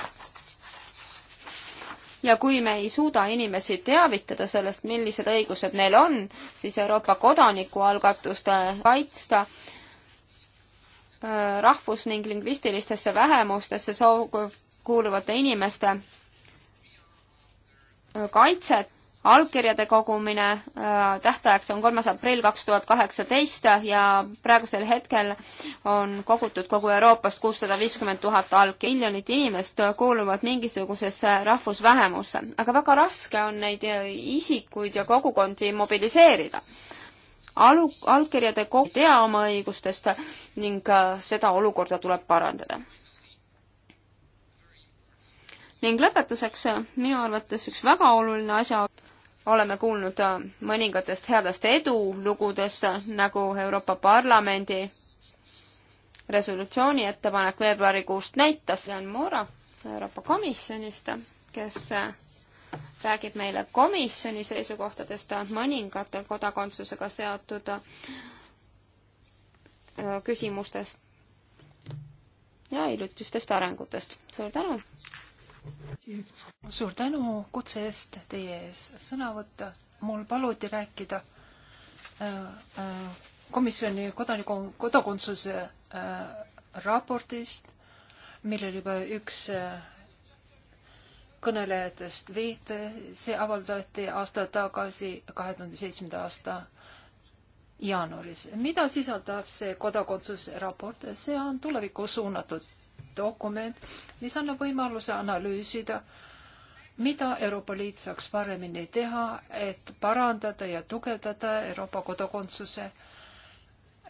ja kui me ei suuda inimesi teavitada sellest, millised õigused neil on, siis Euroopa kodanikualgatuste kaitsta äh, rahvus- ning lingvistilistesse vähemustesse soov-, kuuluvate inimeste kaitset, allkirjade kogumine, äh, tähtajaks on kolmas aprill kaks tuhat kaheksateist ja praegusel hetkel on kogutud kogu Euroopast kuussada viiskümmend tuhat allkirja. miljonid inimest kuuluvad mingisugusesse rahvusvähemusse, aga väga raske on neid äh, isikuid ja kogukondi mobiliseerida. Alu-, allkirjade ko-, tea oma õigustest ning äh, seda olukorda tuleb parandada ning lõpetuseks minu arvates üks väga oluline asja, oleme kuulnud äh, mõningatest headest edulugudest, nagu Euroopa Parlamendi resolutsiooni ettepanek veebruarikuust näitas, Jan Moora Euroopa Komisjonist, kes äh, räägib meile komisjoni seisukohtadest mõningate kodakondsusega seotud äh, küsimustest ja hiljutistest arengutest. suur tänu! suur tänu kutse eest teie ees sõna võtta. mul paluti rääkida äh, äh, komisjoni kodaniku, kodakondsuse äh, raportist, millele juba üks kõnelejatest viite, see avaldati aasta tagasi, kahe tuhande seitsmenda aasta jaanuaris. mida sisaldab see kodakondsusraport? see on tulevikku suunatud dokument, mis annab võimaluse analüüsida, mida Euroopa Liit saaks paremini teha, et parandada ja tugevdada Euroopa kodakondsuse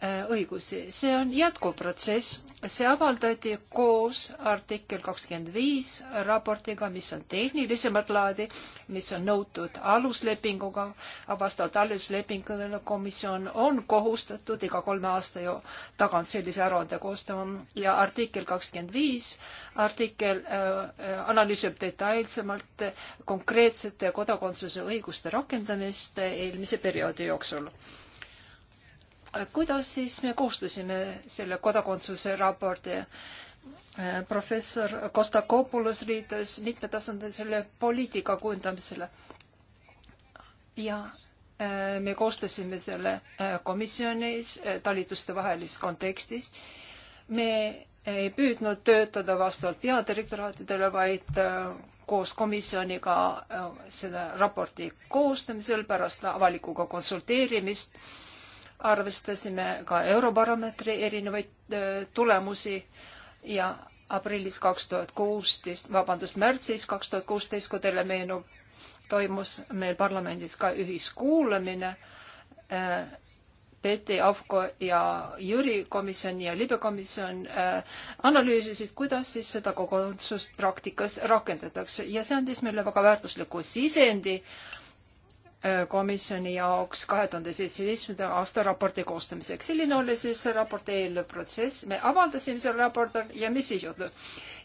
Äh, õigusi. see on jätkuv protsess, see avaldati koos artikkel kakskümmend viis raportiga, mis on tehnilisemat laadi, mis on nõutud aluslepinguga, vastavalt aluslepingule komisjon on kohustatud iga kolme aasta jo, tagant sellise aruande koostama ja artikkel kakskümmend viis, artikkel äh, äh analüüsib detailsemalt konkreetsete kodakondsuse õiguste rakendamist eelmise perioodi jooksul kuidas siis me koostasime selle kodakondsuse raporti? professor Kostakopoulos viitas mitmetasandilisele poliitika kujundamisele. ja äh, me koostasime selle äh, komisjonis äh, talituste vahelises kontekstis. me ei püüdnud töötada vastavalt peadirektoraatidele, vaid koos komisjoniga seda raporti koostamisel pärast avalikuga konsulteerimist äh, arvestasime ka Eurobaromeetri erinevaid äh, tulemusi ja aprillis kaks tuhat kuusteist, vabandust, märtsis kaks tuhat kuusteist, kui teile meenub, toimus meil parlamendis ka ühiskuulamine äh, Peeti, Avko ja Jüri komisjon ja Libe komisjon äh, analüüsisid, kuidas siis seda kogutsust praktikas rakendatakse ja see andis meile väga väärtusliku sisendi äh, Äh, komisjoni jaoks kahe tuhande seitsmeteistkümnenda aasta raporti koostamiseks. selline oli siis raporti eelprotsess, me avaldasime selle raporti ja mis siis juhtus.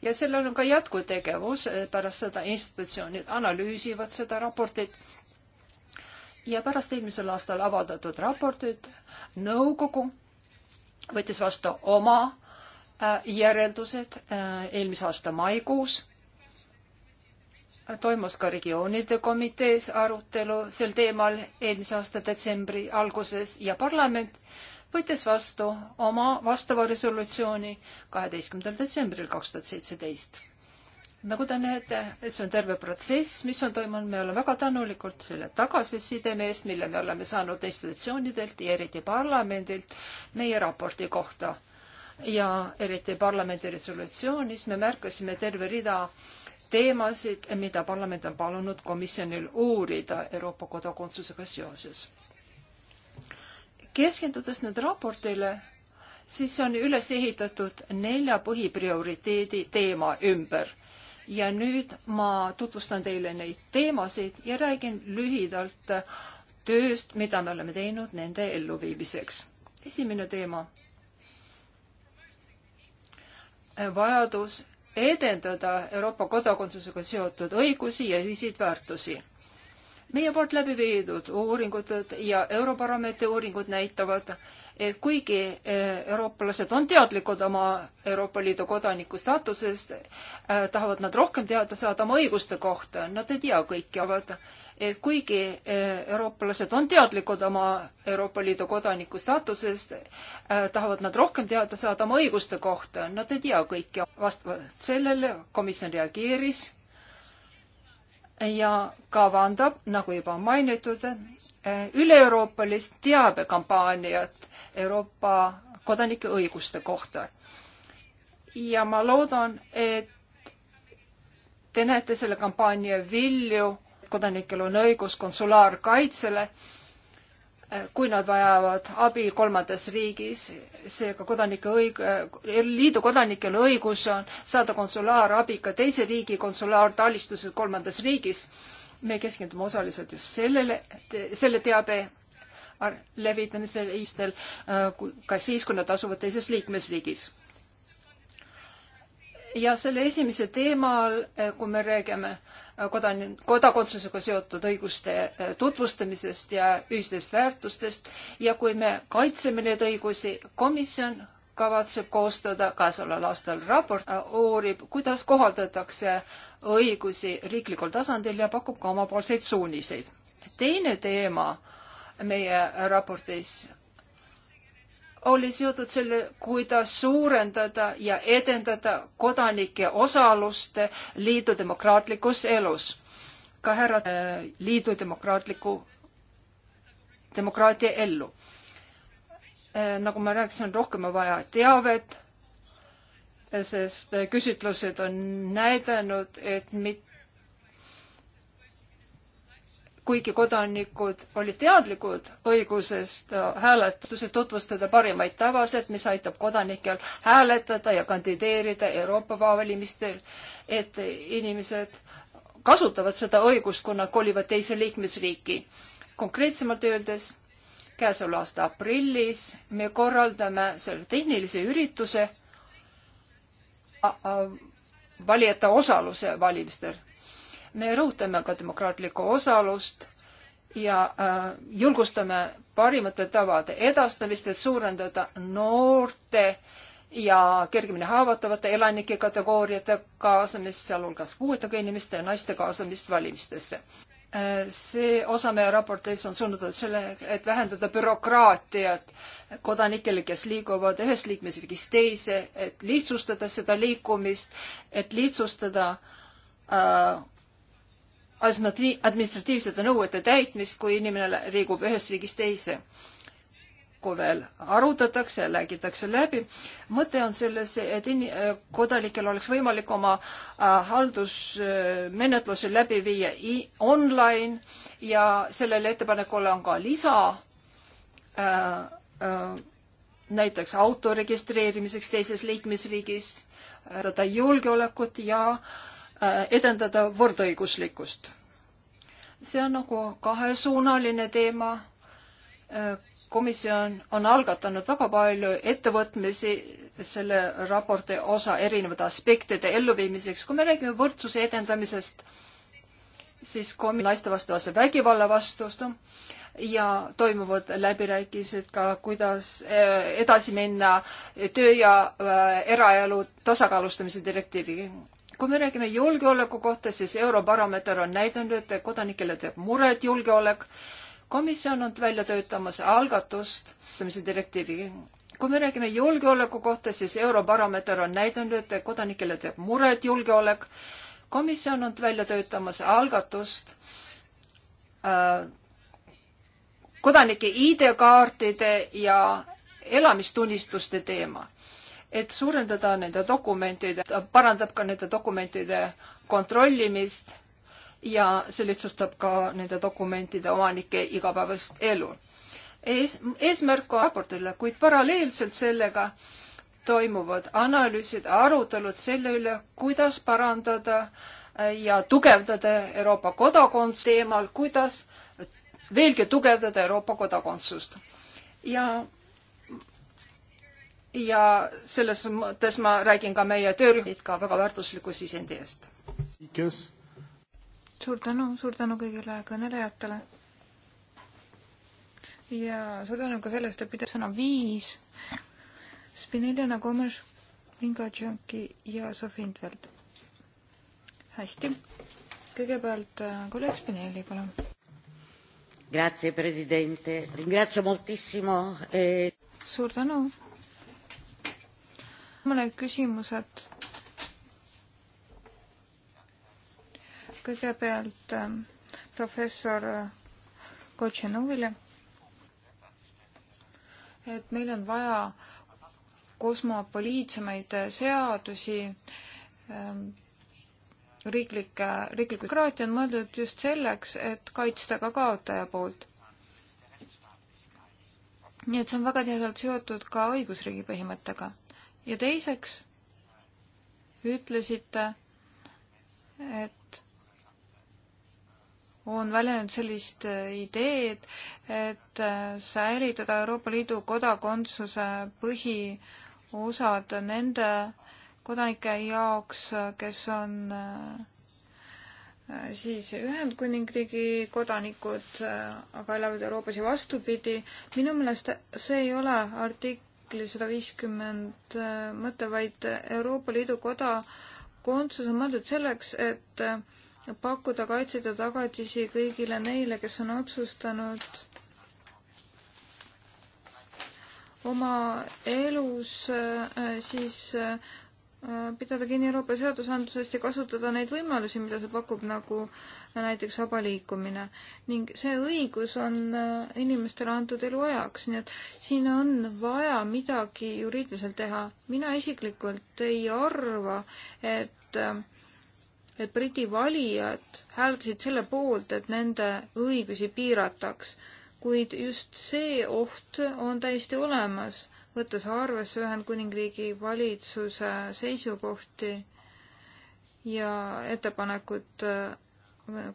ja sellel on ka jätkutegevus, äh, pärast seda institutsioonid analüüsivad seda raportit ja pärast eelmisel aastal avaldatud raportit nõukogu võttis vastu oma äh, järeldused eelmise aasta maikuus toimus ka regioonide komitees arutelu sel teemal eelmise aasta detsembri alguses ja parlament võttis vastu oma vastava resolutsiooni kaheteistkümnendal detsembril kaks tuhat seitseteist. nagu te näete, et see on terve protsess, mis on toimunud, me oleme väga tänulikud selle tagasisideme eest, mille me oleme saanud institutsioonidelt ja eriti parlamendilt meie raporti kohta. ja eriti parlamendi resolutsioonis me märkasime terve rida äh, teemasid, mida parlament on palunud komisjonil uurida Euroopa kodakondsusega seoses. keskendudes nüüd raportile, siis on üles ehitatud nelja põhiprioriteedi teema ümber ja nüüd ma tutvustan teile neid teemasid ja räägin lühidalt tööst, mida me oleme teinud nende elluviimiseks. esimene teema. vajadus edendada Euroopa kodakondsusega seotud õigusi ja ühiseid väärtusi meie poolt läbi viidud uuringud ja Eurobaromeetri uuringud näitavad, et kuigi eh, eurooplased on teadlikud oma Euroopa Liidu kodaniku staatusest, eh, tahavad nad rohkem teada saada oma õiguste kohta, nad ei tea kõiki, aga et kuigi eh, eurooplased on teadlikud oma Euroopa Liidu kodaniku staatusest, tahavad nad rohkem teada saada oma õiguste kohta, nad ei tea kõiki. vastavalt sellele komisjon reageeris ja kavandab, nagu juba mainitud, eh, üle-euroopalist teabekampaaniat Euroopa kodanike õiguste kohta. ja ma loodan, et te näete selle kampaania vilju, kodanikel on õigus konsulaarkaitsele kui nad vajavad abi kolmandas riigis, seega kodanike õig-, eh, liidu kodanikel õigus on saada konsulaarabi ka teise riigi konsulaartalistuses kolmandas riigis. me keskendume osaliselt just sellele, selle teabe levitamisel Eestil eh, ka siis, kui nad asuvad teises liikmesriigis. ja selle esimese teemal, eh, kui me räägime äh, kodan-, kodakondsusega seotud õiguste äh, tutvustamisest ja ühistest väärtustest ja kui me kaitseme neid õigusi, komisjon kavatseb koostada käesoleval aastal raport, äh, uurib, kuidas kohaldatakse õigusi riiklikul tasandil ja pakub ka omapoolseid suuniseid. teine teema meie raportis oli seotud selle, kuidas suurendada ja edendada kodanike osalust liidu demokraatlikus elus. ka härra äh, liidu demokraatliku, demokraatia ellu. Äh, nagu ma rääkisin, on rohkem vaja teavet, sest küsitlused on näidanud, et mitte kuigi kodanikud olid teadlikud õigusest hääletuse tutvustada parimaid tavasid, mis aitab kodanikel hääletada ja kandideerida Euroopa valimistel, et inimesed kasutavad seda õigust, kui nad kolivad teise liikmesriiki. konkreetsemalt öeldes käesoleva aasta aprillis me korraldame selle tehnilise ürituse valijate osaluse valimistel me rõhutame ka demokraatlikku osalust ja äh, julgustame parimate tavade edastamist, et suurendada noorte ja kergemini haavatavate elanike kategooriate kaasamist, sealhulgas puuetega inimeste ja naiste kaasamist valimistesse äh, see osa meie raportis on suunatud selle, et vähendada bürokraatiat kodanikele, kes liiguvad ühest liikmesriigist teise, et lihtsustada seda liikumist, et lihtsustada äh, administratiivsete nõuete täitmist, kui inimene liigub ühest riigist teise. kui veel arutatakse, räägitakse läbi, mõte on selles, et in-, äh, kodanikel oleks võimalik oma äh, haldusmenetlusi läbi viia online ja sellele ettepanekule on ka lisa äh, äh, näiteks auto registreerimiseks teises liikmesriigis, äh, julgeolekut ja äh, Äh, edendada võrdõiguslikkust. see on nagu kahesuunaline teema. Äh, komisjon on algatanud väga palju ettevõtmisi selle raporti osa erinevate aspektide elluviimiseks. kui me räägime võrdsuse edendamisest, siis komi-, naistevastase vägivalla vastu ja toimuvad läbirääkimised ka, kuidas äh, edasi minna töö ja eraelu tasakaalustamise direktiiviga kui me räägime julgeoleku kohta, siis Eurobaromeeter on näidanud, et kodanikele teeb muret julgeolek. komisjon on välja töötamas algatust, ütleme direktiivi kui me räägime julgeoleku kohta, siis Eurobaromeeter on näidanud, et kodanikele teeb muret julgeolek. komisjon on välja töötamas algatust äh, kodanike ID-kaartide ja elamistunnistuste teema et suurendada nende dokumentide, parandab ka nende dokumentide kontrollimist ja see lihtsustab ka nende dokumentide omanike igapäevast elu. ees, eesmärk on raportile, kuid paralleelselt sellega toimuvad analüüsid, arutelud selle üle, kuidas parandada ja tugevdada Euroopa kodakondsuse teemal, kuidas veelgi tugevdada Euroopa kodakondsust. ja ja selles mõttes ma räägin ka meie töörühmid ka väga väärtusliku sisendi eest. suur tänu, suur tänu kõigile kõnelejatele. ja suur tänu ka sellest, et pidas sõna viis. Spinelliana Gomes, Inga Tšonki ja Sofi Intveld. hästi, kõigepealt äh, kolleeg Spinelli, palun. Grazie Presidente, ringrazio moltissimo eh.... suur tänu mõned küsimused. kõigepealt ähm, professor äh, Kotšenovile, et meil on vaja kosmopoliitsemaid äh, seadusi, ähm, riiklike, riiklik bürokraatia on mõeldud just selleks, et kaitsta ka kaotaja poolt. nii et see on väga tihedalt seotud ka õigusriigi põhimõttega ja teiseks ütlesite, et on väljendatud sellist äh, ideed, et äh, säilitada Euroopa Liidu kodakondsuse põhiosad nende kodanike jaoks, kes on äh, siis Ühendkuningriigi kodanikud, aga elavad Euroopas ja vastupidi. minu meelest see ei ole artik-, artikli sada viiskümmend äh, mõte, vaid Euroopa Liidu kodakondsus on mõeldud selleks, et äh, pakkuda kaitset ja tagatisi kõigile neile, kes on otsustanud oma elus äh, siis äh, Äh, pidada kinni Euroopa seadusandlusest ja kasutada neid võimalusi, mida see pakub, nagu näiteks vaba liikumine. ning see õigus on äh, inimestele antud eluajaks, nii et siin on vaja midagi juriidiliselt teha. mina isiklikult ei arva, et äh, et Briti valijad hääldasid selle poolt, et nende õigusi piirataks, kuid just see oht on täiesti olemas võttes arvesse Ühendkuningriigi valitsuse seisukohti ja ettepanekut äh,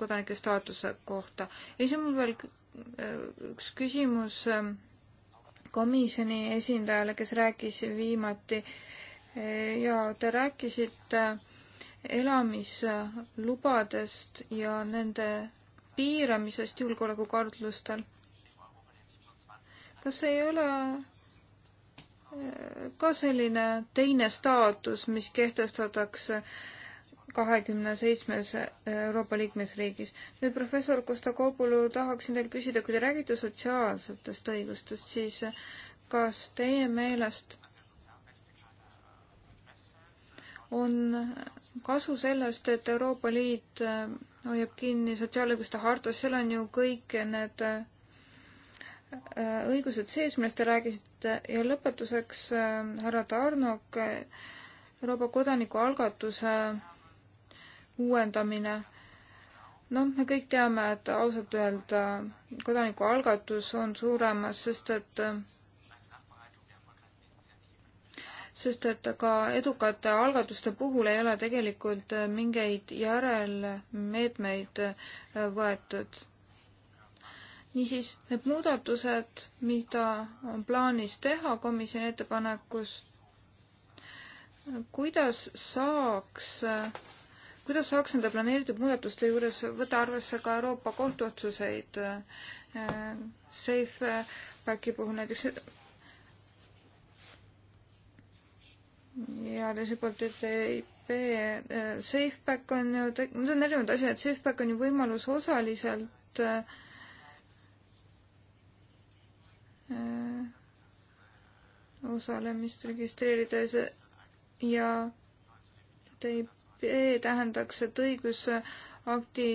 kodanike staatuse kohta. ja siis on mul veel äh, üks küsimus ähm, komisjoni esindajale, kes rääkis viimati äh, ja te rääkisite elamislubadest ja nende piiramisest julgeolekukaalutlustel. kas ei ole ka selline teine staatus, mis kehtestatakse kahekümne seitsmes Euroopa liikmesriigis. nüüd professor Kostakopulu, tahaksin teil küsida, kui te räägite sotsiaalsetest õigustest, siis kas teie meelest on kasu sellest, et Euroopa Liit hoiab kinni sotsiaalõiguste hartast, seal on ju kõik need Äh, õigused sees, millest te rääkisite ja lõpetuseks äh, härra Tarnok, äh, Euroopa kodanikualgatuse uuendamine. noh, me kõik teame, et ausalt öelda kodanikualgatus on suuremas, sest et sest et ka edukate algatuste puhul ei ole tegelikult mingeid järelmeetmeid võetud niisiis, need muudatused, mida on plaanis teha komisjoni ettepanekus, kuidas saaks, kuidas saaks nende planeeritud muudatuste juures võtta arvesse ka Euroopa kohtuotsuseid äh,, safe back'i puhul näiteks ja teiselt poolt, et EIP äh,, eh, safe back on ju, need on erinevad asjad, safe back on ju võimalus osaliselt äh, Äh, osalemist registreerida ja see ja TIP tähendaks, et õigusakti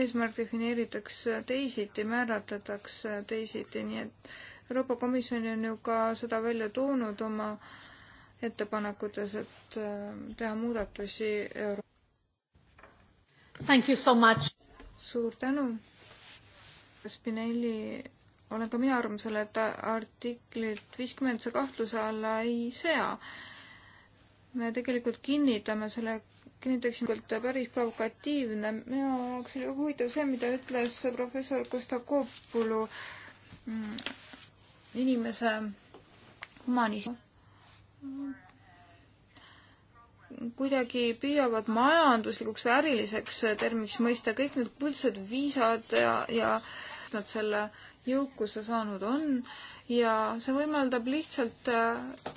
eesmärk defineeritakse teisiti, määratletakse teisiti, nii et Euroopa Komisjon on ju ka seda välja toonud oma ettepanekutes, et äh, teha muudatusi Euro-. Thank you so much! suur tänu! Spinelli olen ka mina arvamusel, et artiklit viiskümmend see kahtluse alla ei sea. me tegelikult kinnitame selle, kinnitaksin päris provokatiivne, minu jaoks oli huvitav see, mida ütles professor Kostakopulu mm, inimese humanis-. kuidagi püüavad majanduslikuks või äriliseks terminiks mõista kõik need kuldsed viisad ja, ja nad selle jõukuse saanud on ja see võimaldab lihtsalt äh,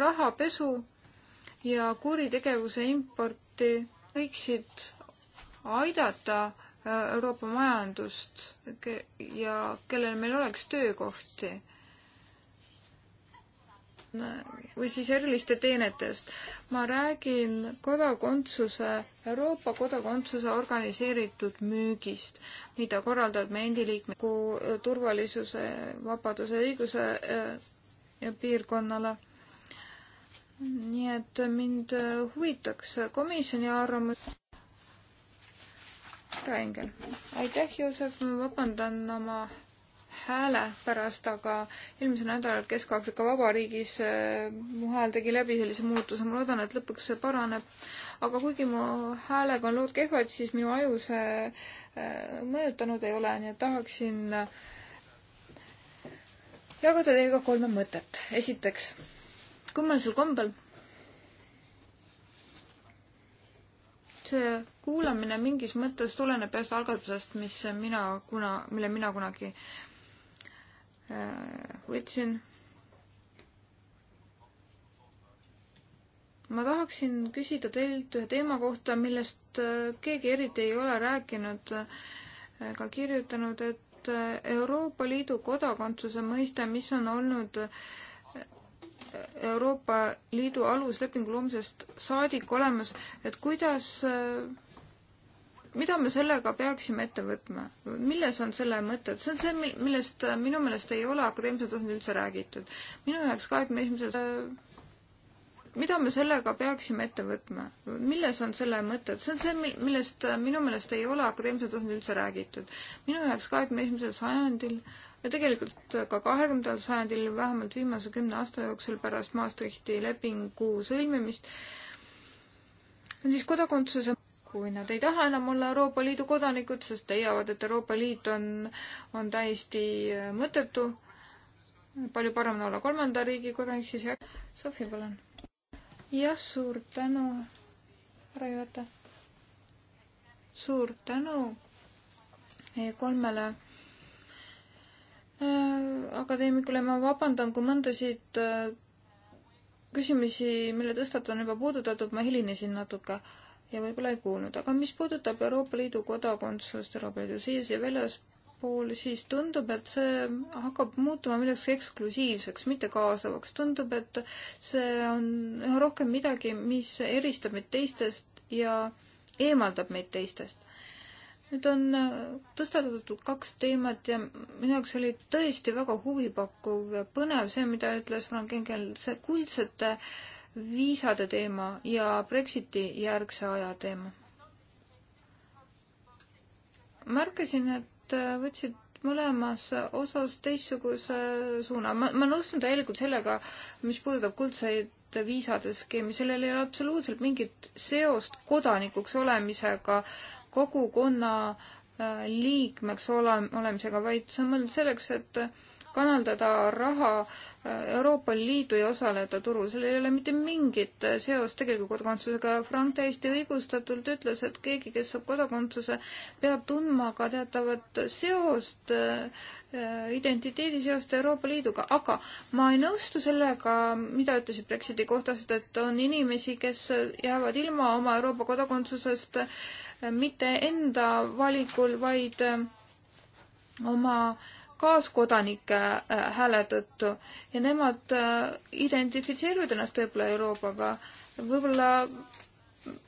rahapesu ja kuritegevuse importi võiksid aidata äh, Euroopa majandust ja kellel meil oleks töökohti või siis eriliste teenetest. ma räägin kodakondsuse, Euroopa kodakondsuse organiseeritud müügist, mida korraldavad meie endi liikmed kui äh, turvalisuse, vabaduse, õiguse äh, ja piirkonnale. nii et mind äh, huvitaks komisjoni arvamus. Raingel, aitäh, Joosep, ma vabandan oma no hääle pärast, aga eelmisel nädalal Kesk-Aafrika Vabariigis äh, mu hääl tegi läbi sellise muutuse, ma loodan, et lõpuks see paraneb. aga kuigi mu häälega on lood kehvad, siis minu aju see äh, äh, mõjutanud ei ole, nii et tahaksin jagada teiega kolme mõtet. esiteks, kummalisel kombel see kuulamine mingis mõttes tuleneb ühest algatusest, mis mina kuna, mille mina kunagi Äh, võtsin. ma tahaksin küsida teilt ühe teema kohta, millest äh, keegi eriti ei ole rääkinud ega äh, kirjutanud, et Euroopa Liidu kodakondsuse mõiste, mis on olnud Euroopa Liidu aluslepingu loomisest saadik olemas, et kuidas mida me sellega peaksime ette võtma? milles on selle mõte? see on see, millest äh, minu meelest ei ole akadeemilisel tasandil üldse räägitud. minu jaoks kahekümne esimeses mida me sellega peaksime ette võtma? milles on selle mõte? see on see, millest äh, minu meelest ei ole akadeemilisel tasandil üldse räägitud. minu jaoks kahekümne esimesel sajandil ja tegelikult äh, ka kahekümnendal sajandil, vähemalt viimase kümne aasta jooksul pärast Maastrichti lepingu sõlmimist, on siis kodakondsuse kui nad ei taha enam olla Euroopa Liidu kodanikud, sest leiavad, et Euroopa Liit on, on täiesti äh, mõttetu. palju parem on olla kolmanda riigi kodanik, siis jah. Sofi, palun. jah, suur tänu, härra juhataja. suur tänu meie kolmele äh, akadeemikule ma vabandan, kui mõndasid äh, küsimusi, mille tõstatan juba puudutatud, ma hilinesin natuke ja võib-olla ei kuulnud, aga mis puudutab Euroopa Liidu kodakondsust Euroopa Liidu sees ja väljaspool, siis tundub, et see hakkab muutuma millekski eksklusiivseks, mitte kaasavaks. tundub, et see on üha rohkem midagi, mis eristab meid teistest ja eemaldab meid teistest. nüüd on äh, tõstatatud kaks teemat ja minu jaoks oli tõesti väga huvipakkuv ja põnev see, mida ütles Frank Engel, see kuldsete äh, viisade teema ja Brexiti järgse aja teema. märkasin, et äh, võtsid mõlemas osas teistsuguse suuna. ma, ma nõustun täielikult sellega, mis puudutab kuldseid viisade skeemi, sellel ei ole absoluutselt mingit seost kodanikuks olemisega, kogukonna äh, liikmeks ole, olemisega, vaid see on mõeldud selleks, et kanaldada raha äh, Euroopa Liidu ei osaleta turul, sellel ei ole mitte mingit seost tegelikult kodakondsusega. Frank täiesti õigustatult ütles, et keegi, kes saab kodakondsuse, peab tundma ka teatavat seost, äh, identiteediseost Euroopa Liiduga, aga ma ei nõustu sellega, mida ütlesid Brexiti kohta, sest et on inimesi, kes jäävad ilma oma Euroopa kodakondsusest äh, mitte enda valikul, vaid äh, oma äh, kaaskodanike äh, hääle tõttu ja nemad äh, identifitseerivad ennast võib-olla Euroopaga. võib-olla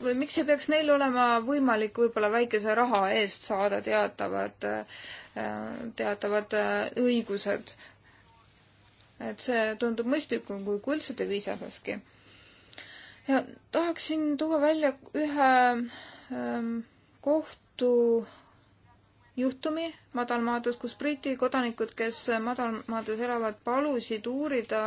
või miks ei peaks neil olema võimalik võib-olla väikese raha eest saada teatavad, äh, teatavad õigused? et see tundub mõistlikum kui kuldsete viisasaski. ja tahaksin tuua välja ühe ähm, kohtu juhtumi madalmaades, kus Briti kodanikud, kes madalmaades elavad, palusid uurida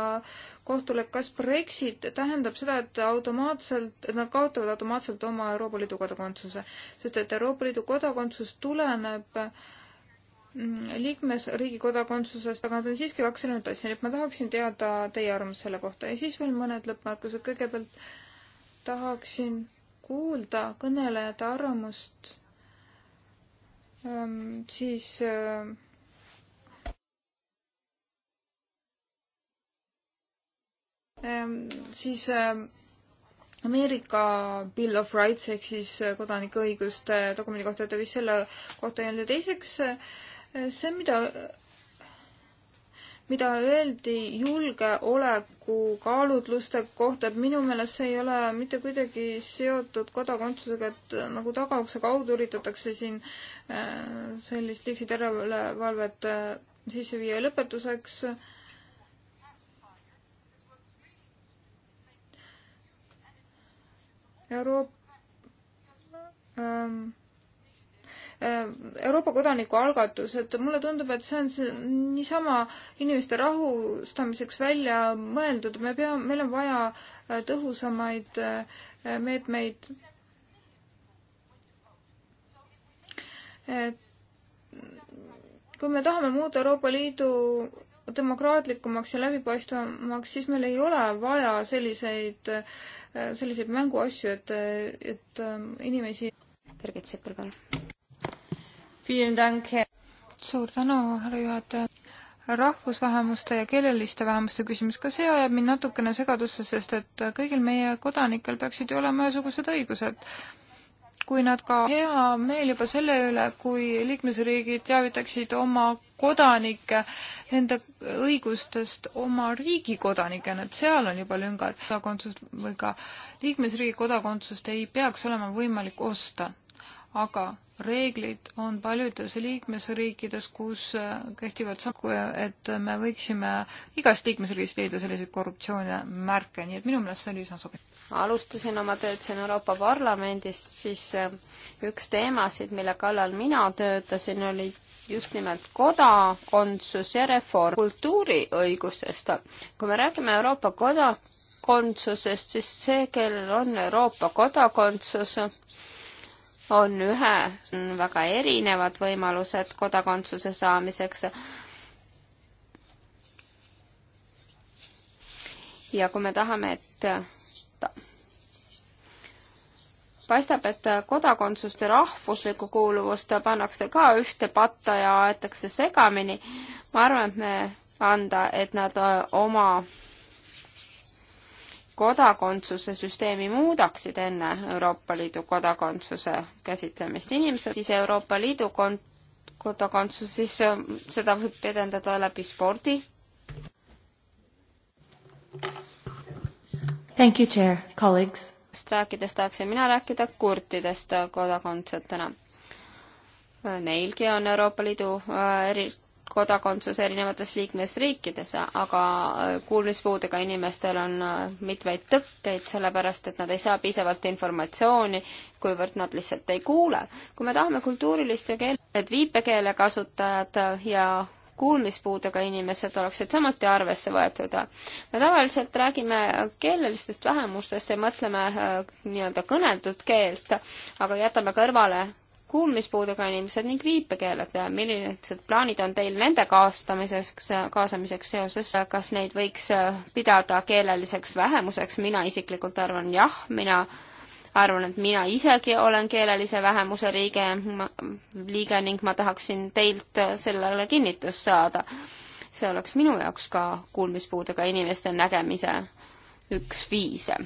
kohtule, kas Brexit tähendab seda, et automaatselt, et nad kaotavad automaatselt oma Euroopa Liidu kodakondsuse, sest et Euroopa Liidu kodakondsus tuleneb mm, liikmesriigi kodakondsusest, aga nad on siiski kaks erinevat asja, nii et ma tahaksin teada teie arvamust selle kohta ja siis veel mõned lõppmärkused. kõigepealt tahaksin kuulda kõnelejate arvamust Ähm, siis ähm, ähm, siis Ameerika Bill of Rights ehk siis äh, kodanikuõiguste dokumendi kohta ta vist selle kohta ei öelnud ja teiseks äh, see, mida, mida öeldi julgeoleku kaalutluste kohta, et minu meelest see ei ole mitte kuidagi seotud kodakondsusega, et äh, nagu tagaukse kaudu üritatakse siin äh, sellist liigset järelevalvet äh, sisse viia ja lõpetuseks Euroop-, ähm, äh, Euroopa kodanikualgatus, et mulle tundub, et see on see niisama inimeste rahustamiseks välja mõeldud, me peame, meil on vaja äh, tõhusamaid meetmeid meet kui me tahame muuta Euroopa Liidu demokraatlikumaks ja läbipaistvamaks, siis meil ei ole vaja selliseid, selliseid mänguasju, et, et äh, inimesi. Birgit Sippel, palun. suur tänu, härra juhataja. rahvusvähemuste ja keeleliste vähemuste küsimus, ka see ajab mind natukene segadusse, sest et kõigil meie kodanikel peaksid ju olema ühesugused õigused kui nad ka hea meel juba selle üle, kui liikmesriigid teavitaksid oma kodanikke nende õigustest oma riigi kodanikena, et seal on juba lüngad. kodakondsust või ka liikmesriigi kodakondsust ei peaks olema võimalik osta aga reeglid on paljudes liikmesriikides, kus äh, kehtivad saku, et me võiksime igast liikmesriigist leida selliseid korruptsioonimärke, nii et minu meelest see oli üsna sobiv. alustasin oma tööd siin Euroopa Parlamendis, siis äh, üks teemasid, mille kallal mina töötasin, oli just nimelt kodakondsus ja reform kultuuriõigusest. kui me räägime Euroopa kodakondsusest, siis see, kellel on Euroopa kodakondsus, on ühe, on väga erinevad võimalused kodakondsuse saamiseks. ja kui me tahame, et ta paistab, et kodakondsust ja rahvuslikku kuuluvust pannakse ka ühte patta ja aetakse segamini. ma arvan, et me anda, et nad oma kodakondsuse süsteemi muudaksid enne Euroopa Liidu kodakondsuse käsitlemist inimesed, siis Euroopa Liidu kon-, kodakondsus, siis ähm, seda võib edendada läbi spordi. Thank you, chair, colleagues. rääkides tahaksin mina rääkida kurtidest kodakondsetena. Neilgi on Euroopa Liidu äh, eri kodakondsus erinevates liikmesriikides, aga äh, kuulmispuudega inimestel on äh, mitmeid tõkkeid, sellepärast et nad ei saa piisavalt informatsiooni, kuivõrd nad lihtsalt ei kuule. kui me tahame kultuurilist ja keel-, et viipekeele kasutajad ja kuulmispuudega inimesed oleksid samuti arvesse võetud. me tavaliselt räägime keelelistest vähemustest ja mõtleme äh, nii-öelda kõneldud keelt, aga jätame kõrvale kuulmispuudega inimesed ning viipekeeled. millised plaanid on teil nende kaastamiseks, kaasamiseks seoses, kas neid võiks pidada keeleliseks vähemuseks? mina isiklikult arvan jah, mina arvan, et mina isegi olen keelelise vähemuse liige, liige ning ma tahaksin teilt sellele kinnitust saada. see oleks minu jaoks ka kuulmispuudega inimeste nägemise üks viise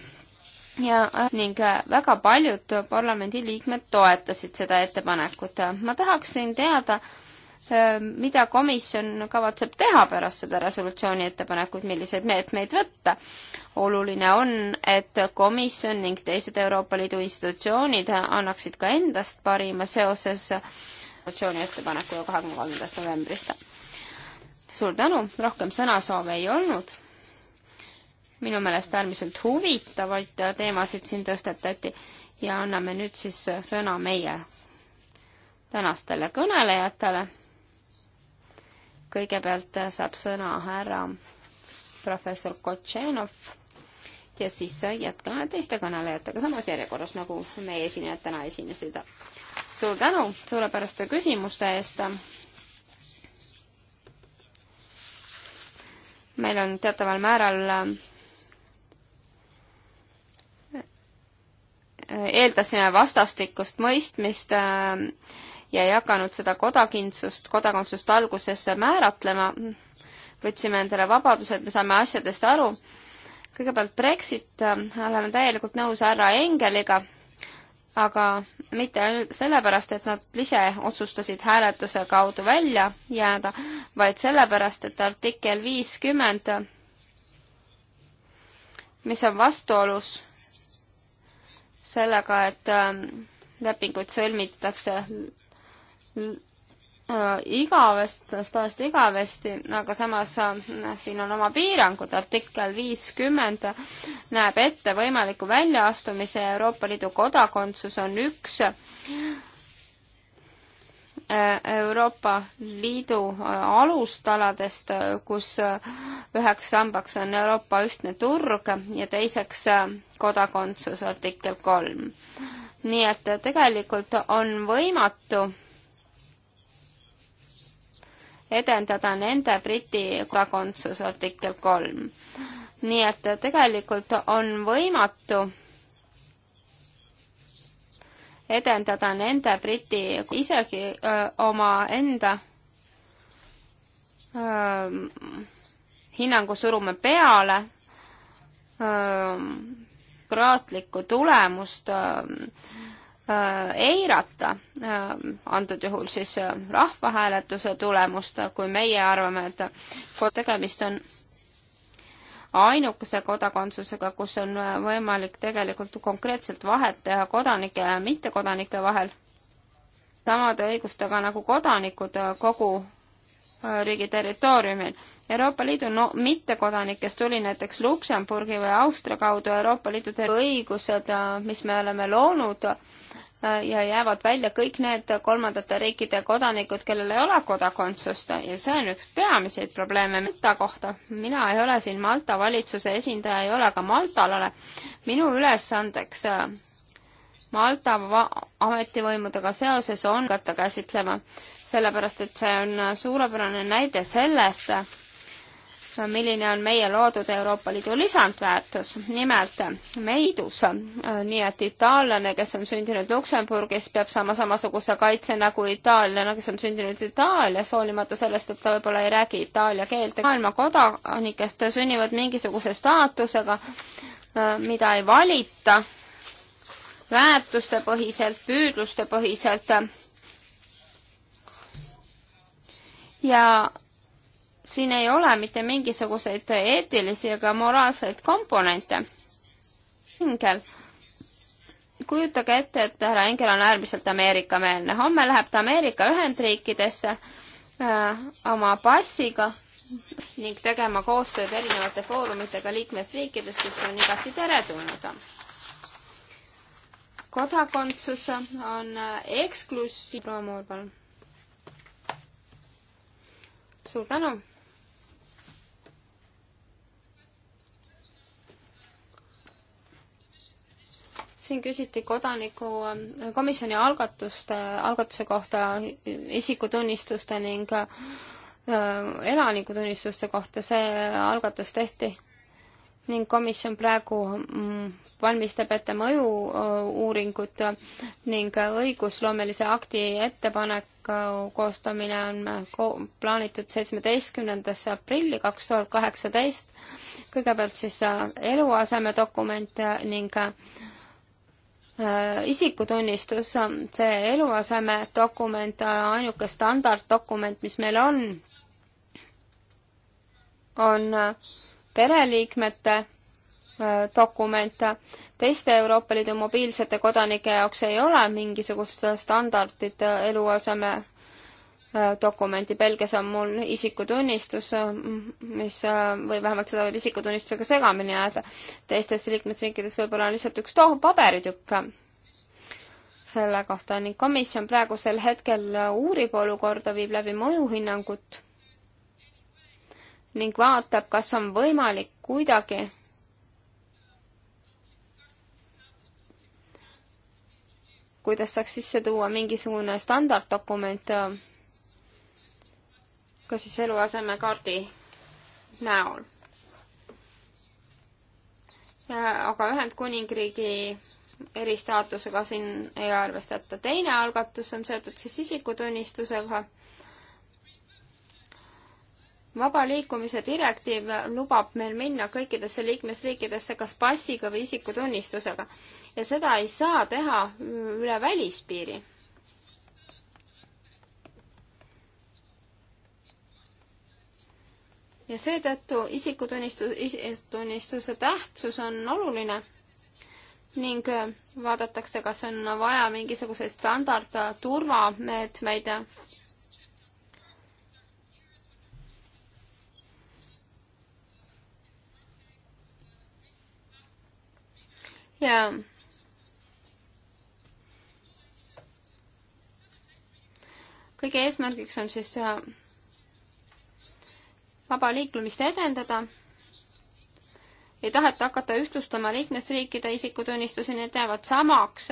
ja ning äh, väga paljud parlamendiliikmed toetasid seda ettepanekut. ma tahaksin teada, äh, mida komisjon kavatseb teha pärast seda resolutsiooni ettepanekut, milliseid meetmeid võtta. oluline on, et komisjon ning teised Euroopa Liidu institutsioonid annaksid ka endast parima seoses resolutsiooni ettepanekuga kahekümne kolmandast novembrist. suur tänu, rohkem sõnasoove ei olnud minu meelest äärmiselt huvitavaid teemasid siin tõstetati ja anname nüüd siis sõna meie tänastele kõnelejatele. kõigepealt saab sõna härra professor Kotšenov ja siis jätkame teiste kõnelejatega samas järjekorras, nagu meie esinejad täna esinesid. suur tänu suurepäraste küsimuste eest meil on teataval määral eeldasime vastastikust mõistmist äh, ja ei hakanud seda kodakindsust, kodakondsust alguses määratlema. võtsime endale vabadused, me saame asjadest aru. kõigepealt Brexit, äh, oleme täielikult nõus härra Engeliga, aga mitte ainult sellepärast, et nad ise otsustasid hääletuse kaudu välja jääda, vaid sellepärast, et artikkel viiskümmend, mis on vastuolus sellega, et ähm, lepinguid sõlmitakse äh, igavest, ajast igavesti, aga samas äh, siin on oma piirangud, artikkel viiskümmend näeb ette võimaliku väljaastumise ja Euroopa Liidu kodakondsus on üks Äh, Euroopa Liidu äh, alustaladest, äh, kus üheks sambaks on Euroopa ühtne turg ja teiseks kodakondsus artikkel kolm. nii et tegelikult on võimatu edendada nende Briti kodakondsus artikkel kolm. nii et tegelikult on võimatu edendada nende Briti, isegi öö, omaenda hinnangu surume peale, kraatlikku tulemust öö, eirata, antud juhul siis rahvahääletuse tulemust, kui meie arvame, et tegemist on ainukese kodakondsusega, kus on võimalik tegelikult konkreetselt vahet teha kodanike ja mittekodanike vahel, samade õigustega nagu kodanikud kogu äh, riigi territooriumil. Euroopa Liidu no, mittekodanikest tuli näiteks Luksemburgi või Austria kaudu Euroopa Liidu õigused, äh, mis me oleme loonud, ja jäävad välja kõik need kolmandate riikide kodanikud, kellel ei ole kodakondsust ja see on üks peamiseid probleeme Malta kohta. mina ei ole siin Malta valitsuse esindaja, ei ole ka Maltalane. minu ülesandeks äh, Malta ametivõimudega seoses on hakata käsitlema, sellepärast et see on äh, suurepärane näide sellest, milline on meie loodud Euroopa Liidu lisandväärtus. nimelt meidus, äh, nii et itaallane, kes on sündinud Luksemburgis, peab saama samasuguse kaitse nagu itaallane, kes on sündinud Itaalias, hoolimata sellest, et ta võib-olla ei räägi itaalia keelt. maailma kodanikest sünnivad mingisuguse staatusega, äh, mida ei valita väärtustepõhiselt, püüdlustepõhiselt ja siin ei ole mitte mingisuguseid eetilisi ega moraalseid komponente. Engel, kujutage ette, et härra Engel on äärmiselt Ameerika-meelne. homme läheb ta Ameerika Ühendriikidesse äh, oma passiga ning tegema koostööd erinevate foorumitega liikmesriikides, kes on igati teretulnud. kodakondsus on äh, eksklusiivpromoor, palun. suur tänu siin küsiti kodaniku äh, komisjoni algatuste, algatuse kohta isikutunnistuste ning äh, elanikutunnistuste kohta, see algatus tehti ning komisjon praegu mm, valmistab ette mõju-uuringut äh, ning õigusloomelise akti ettepaneku koostamine on ko plaanitud seitsmeteistkümnendasse aprilli kaks tuhat kaheksateist. kõigepealt siis eluasemedokument ning Äh, isikutunnistus, äh, see eluaseme dokument, äh, ainuke standarddokument, mis meil on, on pereliikmete dokument. teiste Euroopa Liidu mobiilsete kodanike jaoks ei ole mingisugust standardit eluaseme Äh, dokumenti, Belgias on mul isikutunnistus, äh, mis, äh, või vähemalt seda võib isikutunnistusega segamini ajada, teistes liikmesriikides võib-olla on lihtsalt üks tohuv paberitükk selle kohta ning komisjon praegusel hetkel uurib olukorda, viib läbi mõjuhinnangut ning vaatab, kas on võimalik kuidagi kuidas saaks sisse tuua mingisugune standarddokument ka siis eluasemekaardi näol. aga Ühendkuningriigi eristaatusega siin ei arvestata. teine algatus on seotud siis isikutunnistusega. vaba liikumise direktiiv lubab meil minna kõikidesse liikmesriikidesse kas passiga või isikutunnistusega ja seda ei saa teha üle välispiiri ja seetõttu isikutunnistuse tähtsus on oluline ning äh, vaadatakse, kas on vaja mingisuguseid standard turvameetmeid. ja kõige eesmärgiks on siis äh, vaba liiklumist edendada. ei taheta hakata ühtlustama liikmesriikide isikutunnistusi, need jäävad samaks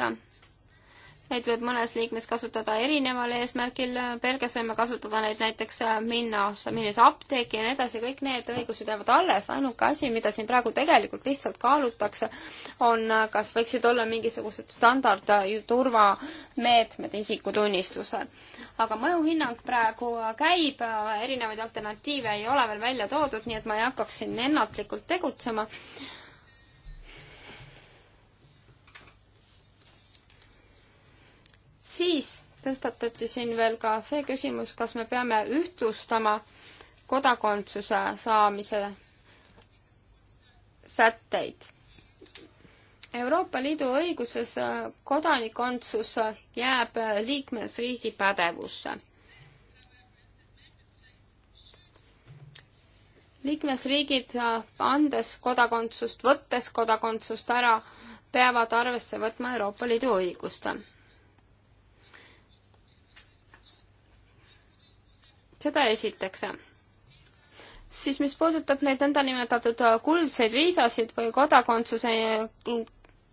Neid võib mõnes liikmes kasutada erineval eesmärgil, Belgias võime kasutada neid näiteks äh, minna, minnes apteeki ja nii edasi, kõik need õigused jäävad alles, ainuke asi, mida siin praegu tegelikult lihtsalt kaalutakse, on, äh, kas võiksid olla mingisugused standard äh, turvameetmed isikutunnistusel. aga mõjuhinnang praegu käib, erinevaid alternatiive ei ole veel välja toodud, nii et ma ei hakkaks siin ennatlikult tegutsema siis tõstatati siin veel ka see küsimus, kas me peame ühtlustama kodakondsuse saamise sätteid. Euroopa Liidu õiguses kodanikondsus jääb liikmesriigi pädevusse. liikmesriigid, andes kodakondsust, võttes kodakondsust ära, peavad arvesse võtma Euroopa Liidu õigust seda esiteks. siis mis puudutab neid nõndanimetatud kuldseid viisasid või kodakondsuse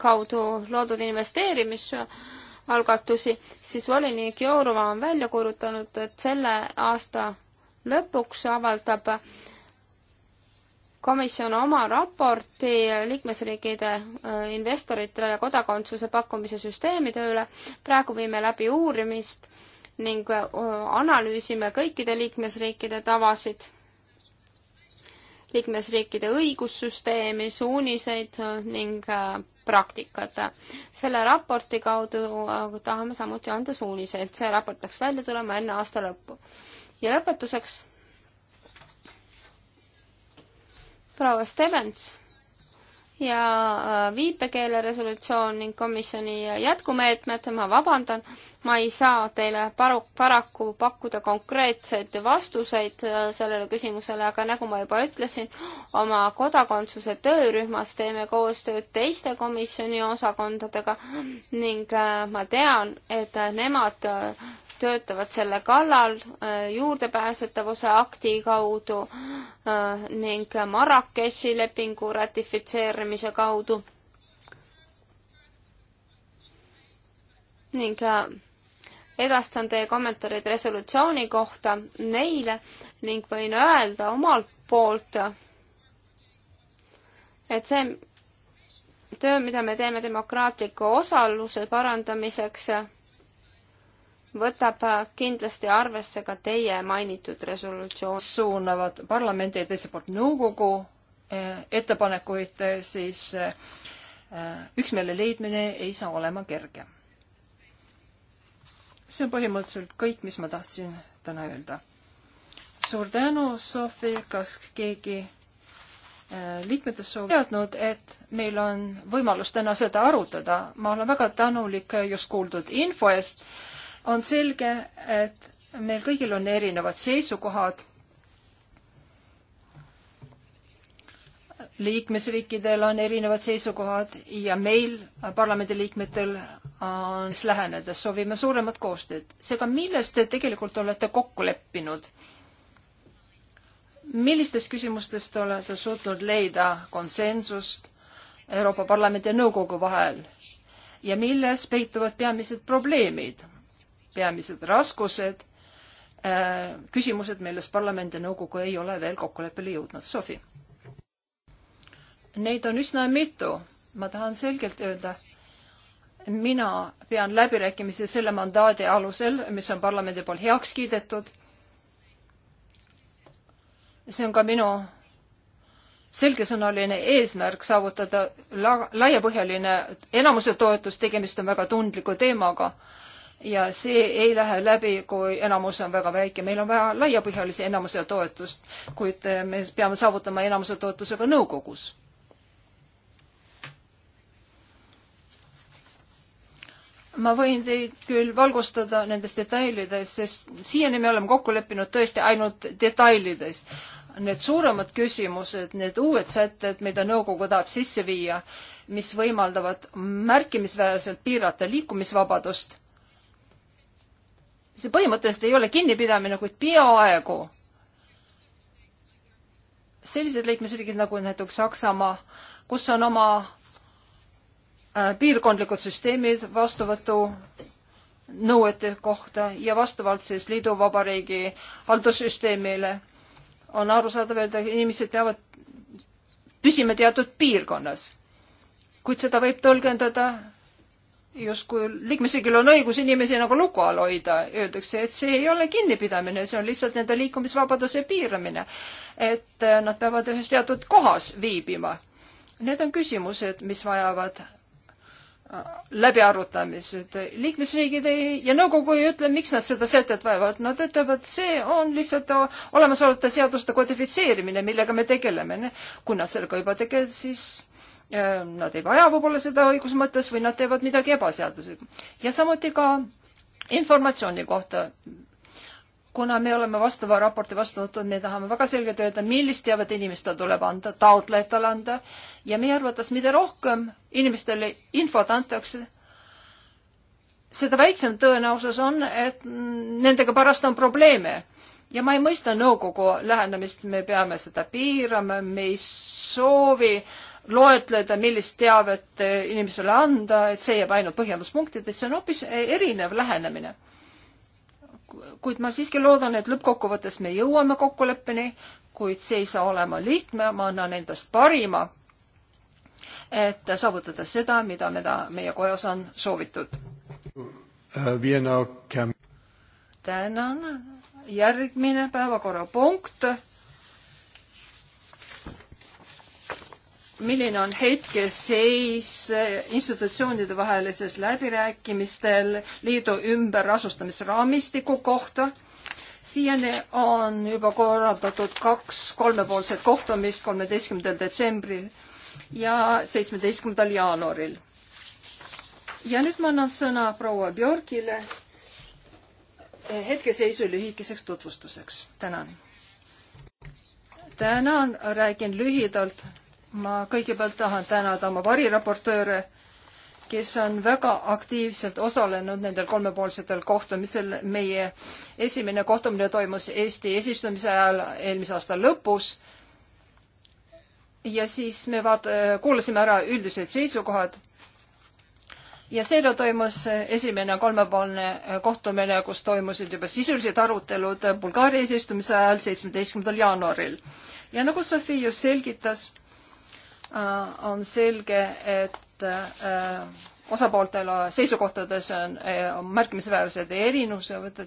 kaudu loodud investeerimisalgatusi, siis volinik Jourova on välja kuulutanud, et selle aasta lõpuks avaldab komisjon oma raporti liikmesriikide äh, investoritele kodakondsuse pakkumise süsteemide üle. praegu viime läbi uurimist ning äh, analüüsime kõikide liikmesriikide tavasid, liikmesriikide õigussüsteemi, suuniseid äh, ning äh, praktikat. selle raporti kaudu tahame samuti anda suuniseid, see raport peaks välja tulema enne aasta lõppu. ja lõpetuseks proua Stevens ja äh, viipekeele resolutsioon ning komisjoni jätkumeetmed, ma vabandan, ma ei saa teile paru-, paraku pakkuda konkreetseid vastuseid äh, sellele küsimusele, aga nagu ma juba ütlesin, oma kodakondsuse töörühmas teeme koostööd teiste komisjoni osakondadega ning äh, ma tean, et nemad töötavad selle kallal äh, juurdepääsetavuse akti kaudu äh, ning Marrakechi lepingu ratifitseerimise kaudu. ning äh, edastan teie kommentaarid resolutsiooni kohta neile ning võin öelda omalt poolt, et see töö, mida me teeme demokraatliku osaluse parandamiseks, võtab äh, kindlasti arvesse ka teie mainitud resolutsioon. suunavad parlamendi ja teiselt poolt nõukogu äh, ettepanekuid, äh, siis üksmeele leidmine ei saa olema kerge. see on põhimõtteliselt kõik, mis ma tahtsin täna öelda. suur tänu, Sofi, kas keegi liikmetest soov teadnud, et meil on võimalus täna seda arutada. ma olen väga tänulik just kuuldud info eest on selge, et meil kõigil on erinevad seisukohad. liikmesriikidel on erinevad seisukohad ja meil, parlamendiliikmetel, on siis lähenedes, soovime suuremat koostööd. seega, milles te tegelikult olete kokku leppinud? millistest küsimustest olete suutnud leida konsensust Euroopa Parlamendi ja Nõukogu vahel ja milles peituvad peamised probleemid? peamised raskused, äh, küsimused, milles parlament ja nõukogu ei ole veel kokkuleppele jõudnud. Sofi? Neid on üsna mitu. ma tahan selgelt öelda, mina pean läbirääkimisi selle mandaadi alusel, mis on parlamendi poolt heaks kiidetud. see on ka minu selgesõnaline eesmärk saavutada la laiapõhjaline enamuse toetus, tegemist on väga tundliku teemaga ja see ei lähe läbi, kui enamus on väga väike, meil on vaja laiapõhjalise enamuse toetust, kuid eh, me peame saavutama enamuse toetuse ka nõukogus ma võin teid küll valgustada nendes detailides, sest siiani me oleme kokku leppinud tõesti ainult detailides. Need suuremad küsimused, need uued sätted, mida nõukogu tahab sisse viia, mis võimaldavad märkimisväärselt piirata liikumisvabadust, see põhimõtteliselt ei ole kinnipidamine, kuid peaaegu. sellised liikmesriigid nagu näiteks Saksamaa, kus on oma äh, piirkondlikud süsteemid vastuvõtunõuete kohta ja vastavalt siis liiduvabariigi haldussüsteemile on arusaadav öelda, inimesed peavad püsima teatud piirkonnas. kuid seda võib tõlgendada justkui liikmesriigil on õigus inimesi nagu lugu all hoida, öeldakse, et see ei ole kinnipidamine, see on lihtsalt nende liikumisvabaduse piiramine. et eh, nad peavad ühes teatud kohas viibima. Need on küsimused, mis vajavad eh, läbiarutamised. liikmesriigid ei ja nõukogu ei ütle, miks nad seda sätet vajavad, nad ütlevad, see on lihtsalt olemasolevate seaduste kodifitseerimine, millega me tegeleme. kui nad sellega juba tegelevad, siis Äh, nad ei vaja võib-olla seda õiguse mõttes või nad teevad midagi ebaseaduslikku. ja samuti ka informatsiooni kohta. kuna me oleme vastava raporti vastu võtnud, me tahame väga selgelt öelda, millist teavet inimestele tuleb anda, taotlejatele anda ja meie arvates, mida rohkem inimestele infot antakse, seda väiksem tõenäosus on, et nendega pärast on probleeme. ja ma ei mõista nõukogu lähenemist, me peame seda piirama, me ei soovi äh, loetleda, millist teavet eh, inimesele anda, et see jääb ainult põhjenduspunktidesse, on hoopis eh, erinev lähenemine. kuid ma siiski loodan, et lõppkokkuvõttes me jõuame kokkuleppeni, kuid see ei saa olema lihtne, ma annan endast parima, et saavutada seda, mida me ta, meie kojas on soovitud. Uh, tänan, järgmine päevakorrapunkt milline on hetkeseis eh, institutsioonide vahelises läbirääkimistel liidu ümberasustamisraamistiku kohta. siiani on juba korraldatud kaks kolmepoolset kohtumist kolmeteistkümnendal detsembril ja seitsmeteistkümnendal jaanuaril. ja nüüd ma annan sõna proua Björkile hetkeseisu lühikeseks tutvustuseks. tänan. tänan, räägin lühidalt ma kõigepealt tahan tänada oma variraportööre, kes on väga aktiivselt osalenud nendel kolmepoolsetel kohtumisel. meie esimene kohtumine toimus Eesti esistumise ajal eelmise aasta lõpus. ja siis me vaata-, kuulasime ära üldised seisukohad ja seejärel toimus esimene kolmepoolne kohtumine, kus toimusid juba sisulised arutelud Bulgaaria eesistumise ajal, seitsmeteistkümnendal jaanuaril. ja nagu Sofi just selgitas, Äh, on selge, et äh, osapooltel seisukohtades on, äh, on märkimisväärsed erinevused.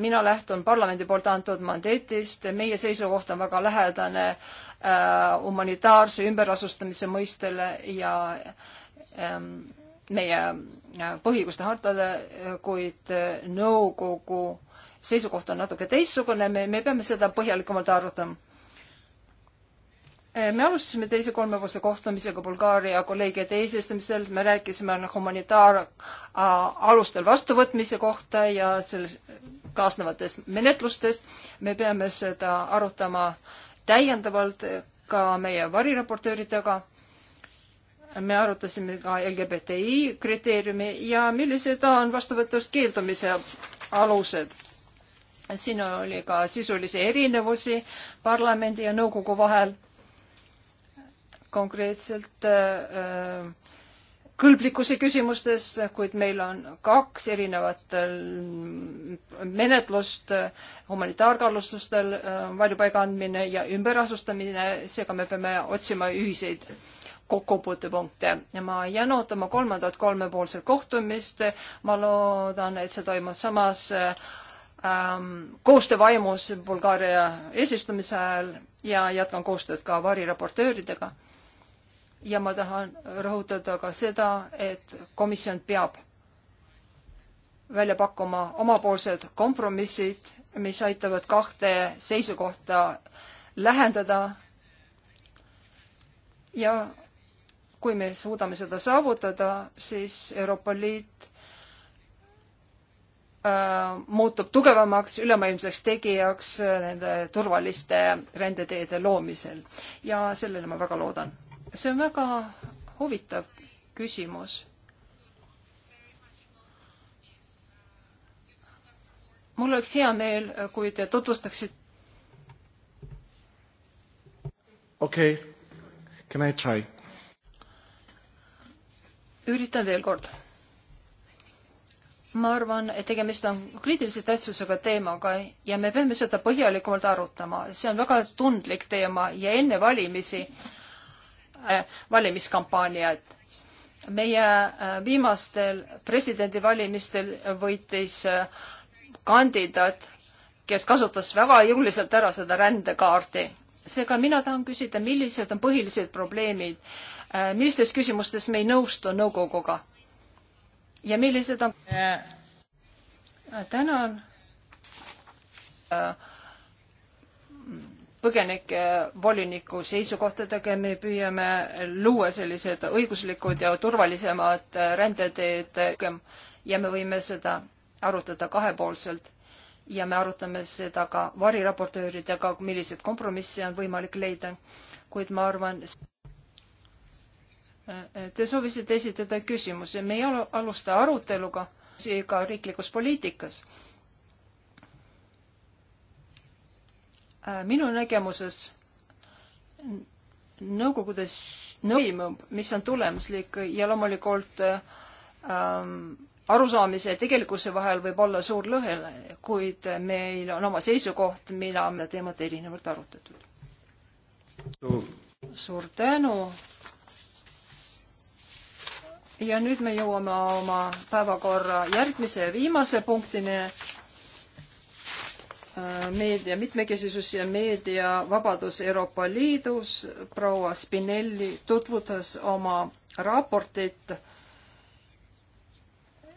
mina lähtun parlamendi poolt antud mandaatist, meie seisukoht on väga lähedane äh, humanitaarse ümberasustamise mõistele ja ähm, meie põhiõiguste hartale, kuid nõukogu seisukoht on natuke teistsugune, me, me peame seda põhjalikumalt arutama Äh, me alustasime teise kolmepoolse kohtumisega Bulgaaria kolleegide eesistumisel, me rääkisime humanitaaralustel äh, vastuvõtmise kohta ja selles kaasnevatest menetlustest. me peame seda arutama täiendavalt ka meie variraportööridega. me arutasime ka LGBTI kriteeriumi ja millised on vastuvõtust keeldumise alused siin oli ka sisulisi erinevusi parlamendi ja nõukogu vahel konkreetselt äh, äh, kõlblikkuse küsimustes, kuid meil on kaks erinevat äh, menetlust äh, humanitaarkallustustel, varjupaiga andmine ja ümberasustamine, seega me peame otsima ühiseid kokkupuutepunkte ja ma jään ootama kolmandat kolmepoolset kohtumist. ma loodan, et see toimub samas ähm, koostöövaimus Bulgaaria eesistumise ajal ja jätkan koostööd ka variraportööridega ja ma tahan rõhutada ka seda, et komisjon peab välja pakkuma omapoolsed kompromissid, mis aitavad kahte seisukohta lähendada. ja kui me suudame seda saavutada, siis Euroopa Liit äh, muutub tugevamaks ülemaailmseks tegijaks nende turvaliste rändeteede loomisel ja sellele ma väga loodan see on väga huvitav küsimus. mul oleks hea meel, kui te tutvustaksite. okei okay., can I try? üritan veel kord. ma arvan, et tegemist on kriitilise tähtsusega teemaga ja me peame seda põhjalikumalt arutama, see on väga tundlik teema ja enne valimisi äh, Äh, valimiskampaaniat. meie äh, viimastel presidendivalimistel võitis äh, kandidaat, kes kasutas väga jõuliselt ära seda rändekaarti. seega mina tahan küsida, millised on põhilised probleemid, millistes küsimustes me ei nõustu nõukoguga ja millised on tänan põgenike voliniku seisukohtadega me püüame luua sellised õiguslikud ja turvalisemad rändeteed ja me võime seda arutada kahepoolselt ja me arutame seda ka variraportööridega, milliseid kompromisse on võimalik leida. kuid ma arvan, te soovisite esitada küsimuse, me ei alusta aruteluga, seega riiklikus poliitikas Äh, minu nägemuses nõukogudes nõimub, mis on tulemuslik ja loomulikult ähm, arusaamise ja tegelikkuse vahel võib olla suur lõhe, kuid meil on oma seisukoht, mida me teemat erinevalt arutatud no.. suur tänu. ja nüüd me jõuame oma päevakorra järgmise ja viimase punktini Äh, meedia mitmekesisus ja meediavabadus Euroopa Liidus. proua Spinelli tutvutas oma raportit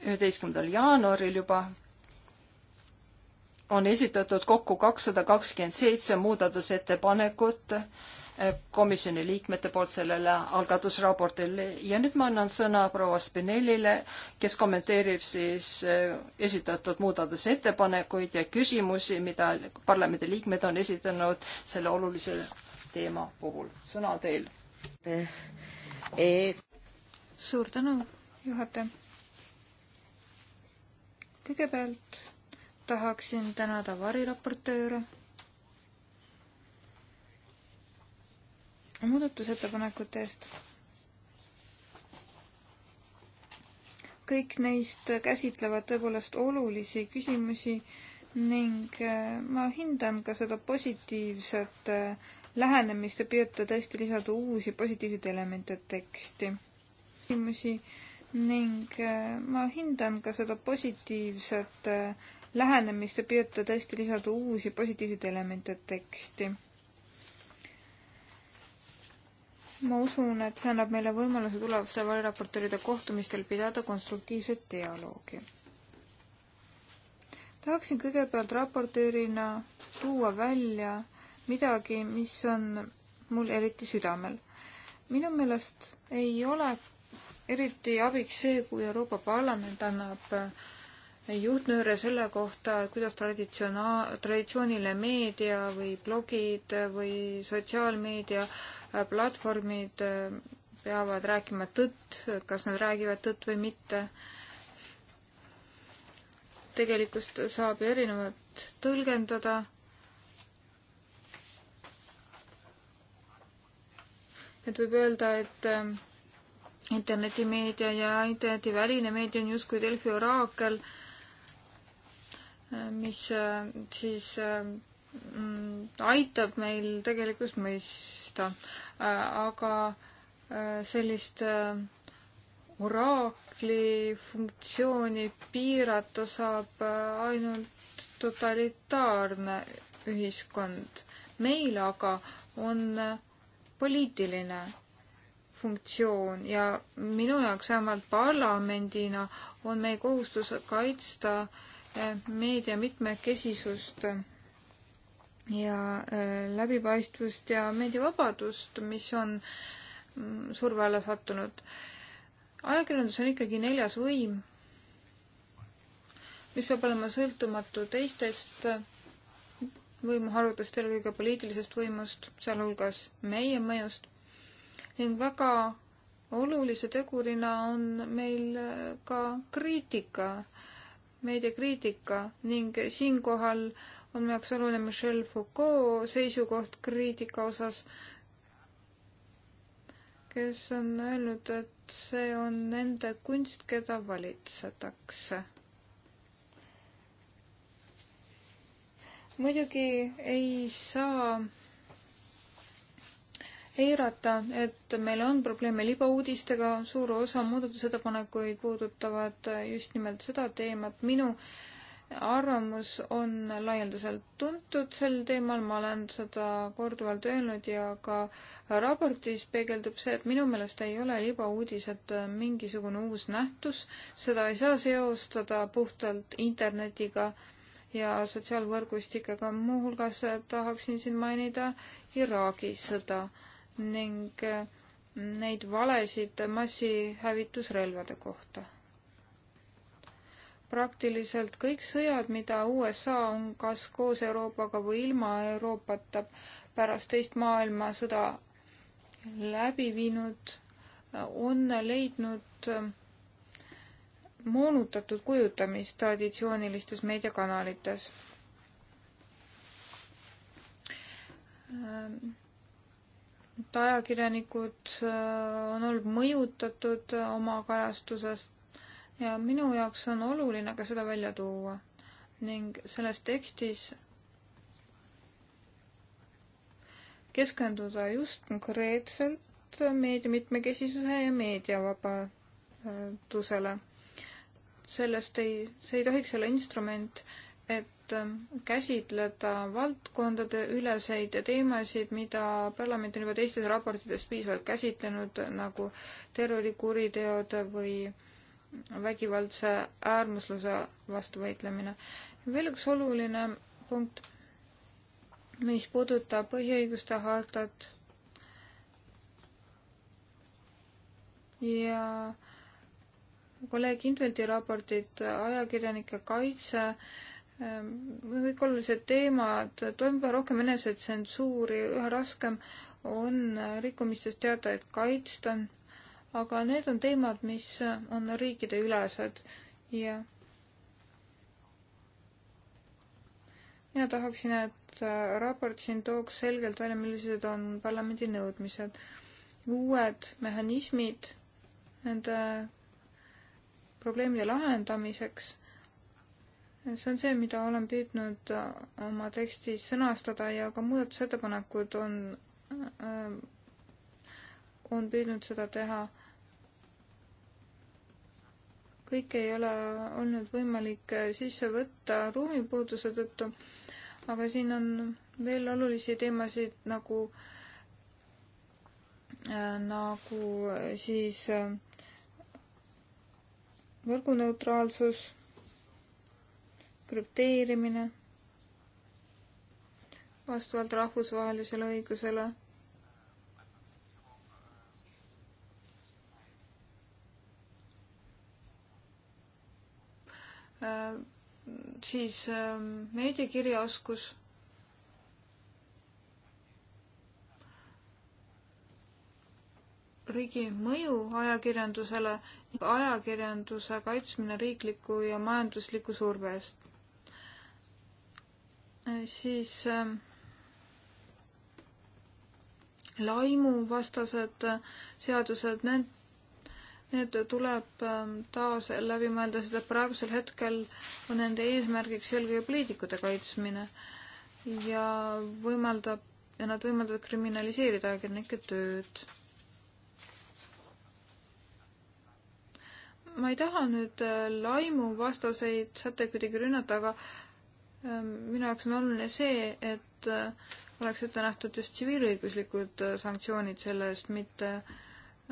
üheteistkümnendal jaanuaril juba. on esitatud kokku kakssada kakskümmend seitse muudatusettepanekut komisjoni liikmete poolt sellele algatusraportile ja nüüd ma annan sõna proua Spinellile, kes kommenteerib siis eh, esitatud muudatusettepanekuid ja küsimusi, mida parlamendi liikmed on esitanud selle olulise teema puhul. sõna on teil. suur tänu, juhataja. kõigepealt tahaksin tänada variraportööre muudatusettepanekute eest. kõik neist käsitlevad tõepoolest olulisi küsimusi ning äh, ma hindan ka seda positiivset äh, lähenemist ja püüate tõesti lisada uusi positiivseid elemente teksti. küsimusi ning äh, ma hindan ka seda positiivset lähenemist ja püüate tõesti lisada uusi positiivseid elemente teksti ma usun, et see annab meile võimaluse tulevaste valiraportööride kohtumistel pidada konstruktiivset dialoogi. tahaksin kõigepealt raportöörina tuua välja midagi, mis on mul eriti südamel. minu meelest ei ole eriti abiks see, kui Euroopa Parlament annab juhtnööre selle kohta, kuidas traditsiona-, traditsiooniline meedia või blogid või sotsiaalmeedia platvormid äh, peavad rääkima tõtt, kas nad räägivad tõtt või mitte. tegelikkust saab ju erinevalt tõlgendada. et võib öelda, et äh, internetimeedia ja internetiväline meedia on justkui Delfi oraakel, äh, mis siis Mm, aitab meil tegelikult mõista, äh, aga äh, sellist äh, oraakli funktsiooni piirata saab ainult totalitaarne ühiskond. meil aga on poliitiline funktsioon ja minu jaoks vähemalt parlamendina on meie kohustus kaitsta meedia mitmekesisust ja äh, läbipaistvust ja meediavabadust, mis on mm, surve alla sattunud. ajakirjandus on ikkagi neljas võim, mis peab olema sõltumatu teistest võimuharudest, eelkõige poliitilisest võimust, sealhulgas meie mõjust. ning väga olulise tegurina on meil äh, ka kriitika, meediakriitika ning siinkohal on minu jaoks oluline Michel Foucault seisukoht kriitika osas, kes on öelnud, et see on nende kunst, keda valitsetakse. muidugi ei saa eirata, et meil on probleeme libauudistega, suur osa muudatusettepanekuid puudutavad just nimelt seda teemat. minu äh, arvamus on laialdaselt tuntud sel teemal, ma olen seda korduvalt öelnud ja ka raportis peegeldub see, et minu meelest ei ole libauudised mingisugune uus nähtus, seda ei saa seostada puhtalt internetiga ja sotsiaalvõrgustikega, muuhulgas tahaksin siin mainida Iraagi sõda ning neid valesid massihävitusrelvade kohta praktiliselt kõik sõjad, mida USA on kas koos Euroopaga või ilma Euroopata pärast teist maailmasõda läbi viinud, on leidnud äh, moonutatud kujutamist traditsioonilistes meediakanalites. Ähm, et ajakirjanikud äh, on olnud mõjutatud äh, oma kajastusest ja minu jaoks on oluline ka seda välja tuua ning selles tekstis keskenduda just konkreetselt meedia mitmekesisuse ja meediavabadusele. sellest ei, see ei tohiks olla instrument, et ähm, käsitleda valdkondade üleseid teemasid, mida parlament on juba teistes raportites piisavalt käsitlenud, nagu terrorikuriteod või äh, vägivaldse äärmusluse vastu võitlemine. veel üks oluline punkt, mis puudutab põhiõiguste hartat ja kolleeg Indveldi raportit ajakirjanike kaitse, ähm, kõik olulised teemad, toimub rohkem enesetsensuuri, üha raskem on rikkumistest teatajaid kaitsta aga need on teemad, mis on riikideülesed ja mina tahaksin, et äh, raport siin tooks selgelt välja, millised on parlamendi nõudmised. uued mehhanismid nende probleemide lahendamiseks. see on see, mida olen püüdnud äh, oma tekstis sõnastada ja ka muudatusettepanekud on, äh, on püüdnud seda teha kõike ei ole olnud võimalik äh, sisse võtta ruumipuuduse tõttu, aga siin on veel olulisi teemasid nagu äh,, nagu äh, siis äh, võrguneutraalsus, krüpteerimine vastavalt rahvusvahelisele õigusele Äh, siis ähm, meediakirjaoskus riigi mõju ajakirjandusele, ajakirjanduse kaitsmine riikliku ja majandusliku surve eest. Äh, siis ähm, äh, laimuvastased seadused, need nüüd tuleb ähm, taas läbi mõelda, sest et praegusel hetkel on nende eesmärgiks eelkõige poliitikute kaitsmine ja võimaldab ja nad võimaldavad kriminaliseerida ajakirjanike tööd. ma ei taha nüüd äh, laimuvastaseid sätteid kuidagi rünnata, aga ähm, minu jaoks on oluline see, et äh, oleks ette nähtud just tsiviilõiguslikud äh, sanktsioonid selle eest, mitte äh,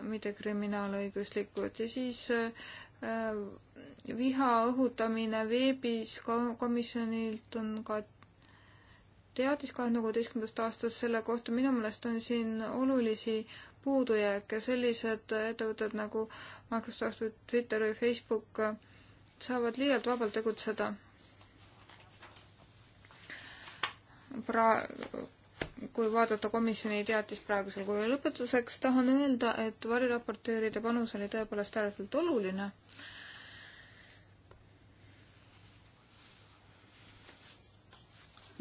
mitte kriminaalõiguslikud ja siis äh, viha õhutamine veebis komisjonilt on ka teadis kahe tuhande kuueteistkümnendast aastast selle kohta, minu meelest on siin olulisi puudujääke, sellised ettevõtted nagu Microsoft või Twitter või Facebook saavad liialt vabalt tegutseda pra-, kui vaadata komisjoni teatis praegusel kujul. lõpetuseks tahan öelda, et variraportööride panus oli tõepoolest ääretult oluline.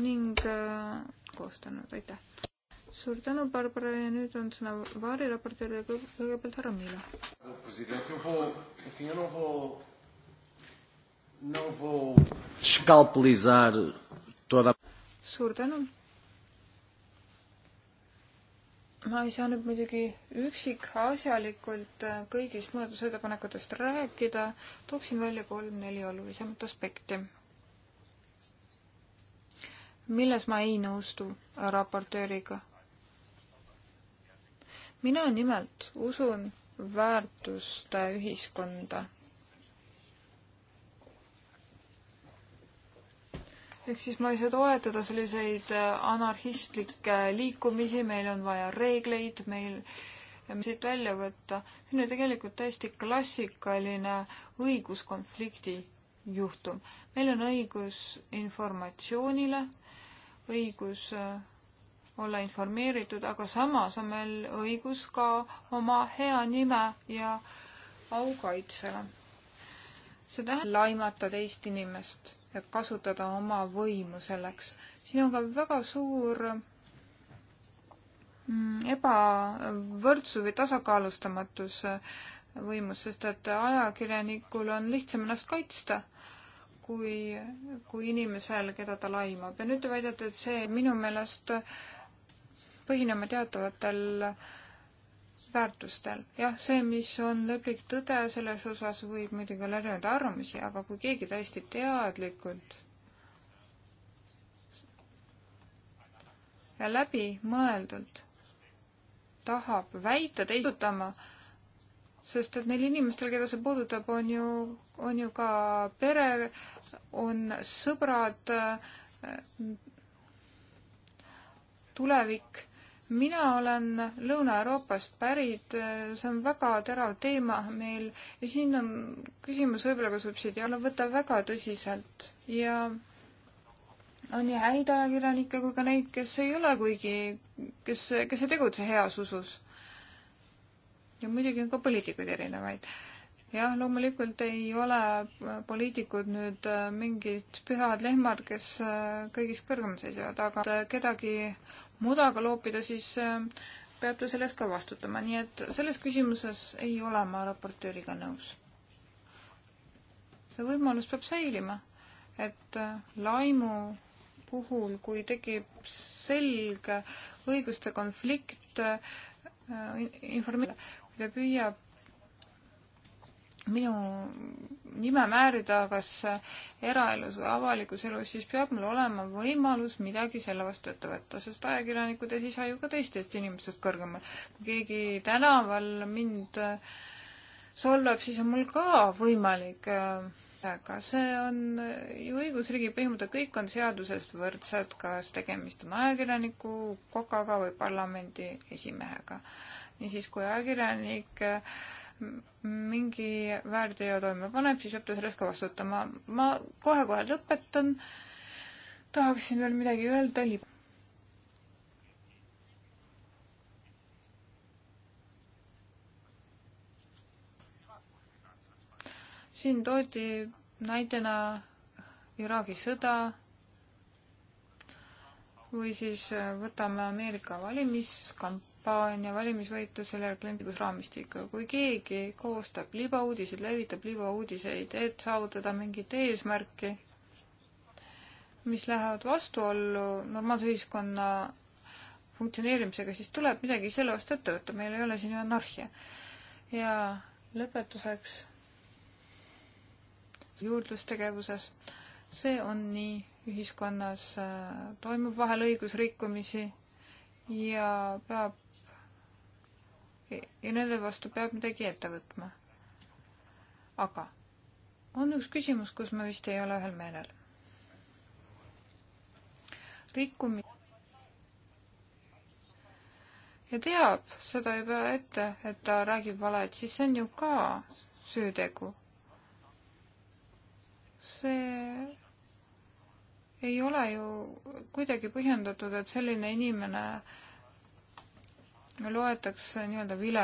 ning äh, koostanud, aitäh. suur tänu, Barbara ja nüüd on sõna variraportöörile kõigepealt härra Miila. suur tänu ma ei saa nüüd muidugi üksikasjalikult äh, kõigist muudatusettepanekutest rääkida, tooksin välja kolm-neli olulisemat aspekti, milles ma ei nõustu raportööriga. mina nimelt usun väärtuste ühiskonda ehk siis ma ei saa toetada selliseid äh, anarhistlikke liikumisi, meil on vaja reegleid, meil siit välja võtta. see on ju tegelikult täiesti klassikaline õiguskonflikti juhtum. meil on õigus informatsioonile, õigus äh, olla informeeritud, aga samas on meil õigus ka oma hea nime ja au kaitsele. see tähendab laimata teist inimest kasutada oma võimu selleks. siin on ka väga suur mm, ebavõrdsus või tasakaalustamatus äh, võimus, sest et ajakirjanikul on lihtsam ennast kaitsta kui, kui inimesel, keda ta laimab. ja nüüd te väidate, et see minu meelest põhinema teatavatel äh, väärtustel. jah, see, mis on lõplik tõde, selles osas võib muidugi olla erinevaid arvamusi, aga kui keegi täiesti teadlikult ja läbimõeldult tahab väita teist puudutama, sest et neil inimestel, keda see puudutab, on ju, on ju ka pere, on sõbrad, tulevik mina olen Lõuna-Euroopast pärit, see on väga terav teema meil ja siin on küsimus võib-olla ka subsidiaal on võtta väga tõsiselt ja on nii häid ajakirjanikke kui ka neid, kes ei ole kuigi, kes, kes ei tegutse heas usus. ja muidugi on ka poliitikuid erinevaid jah, loomulikult ei ole poliitikud nüüd äh, mingid pühad lehmad, kes äh, kõigist kõrgemal seisavad, aga äh, kedagi mudaga loopida, siis ähm, peab ta sellest ka vastutama, nii et selles küsimuses ei ole ma raportööriga nõus. see võimalus peab säilima, et äh, laimu puhul, kui tekib selge õiguste konflikt, äh, äh, informeerida, kui ta püüab minu nime määrida kas eraelus või avalikus elus, siis peab mul olema võimalus midagi selle vastu ette võtta, sest ajakirjanikud ei seisa ju ka teistest inimestest kõrgemal. kui keegi tänaval mind äh, solvab, siis on mul ka võimalik äh, aga see on ju õigusriigi põhimõte, kõik on seadusest võrdsed, kas tegemist on ajakirjaniku, kokaga või parlamendi esimehega. niisiis, kui ajakirjanik äh, mingi väärteo toime paneb, siis peab ta sellest ka vastutama. ma kohe-kohe lõpetan. tahaksin veel midagi öelda. siin toodi näitena Iraagi sõda või siis võtame Ameerika valimiskampaania kampaania valimisvõitlusele ja kliendiklusraamistikuga. kui keegi koostab libauudiseid, levitab libauudiseid, et saavutada mingit eesmärki, mis lähevad vastuollu normaalse ühiskonna funktsioneerimisega, siis tuleb midagi selle vastu ette võtta, meil ei ole siin ju anarhia. ja lõpetuseks juurdlustegevuses, see on nii ühiskonnas äh, toimub vahel õigusrikkumisi ja peab ja nende vastu peab midagi ette võtma. aga on üks küsimus, kus me vist ei ole ühel meelel. rikkumine ja teab seda juba ette, et ta räägib valet, siis see on ju ka süütegu. see ei ole ju kuidagi põhjendatud, et selline inimene äh, loetakse nii-öelda vile,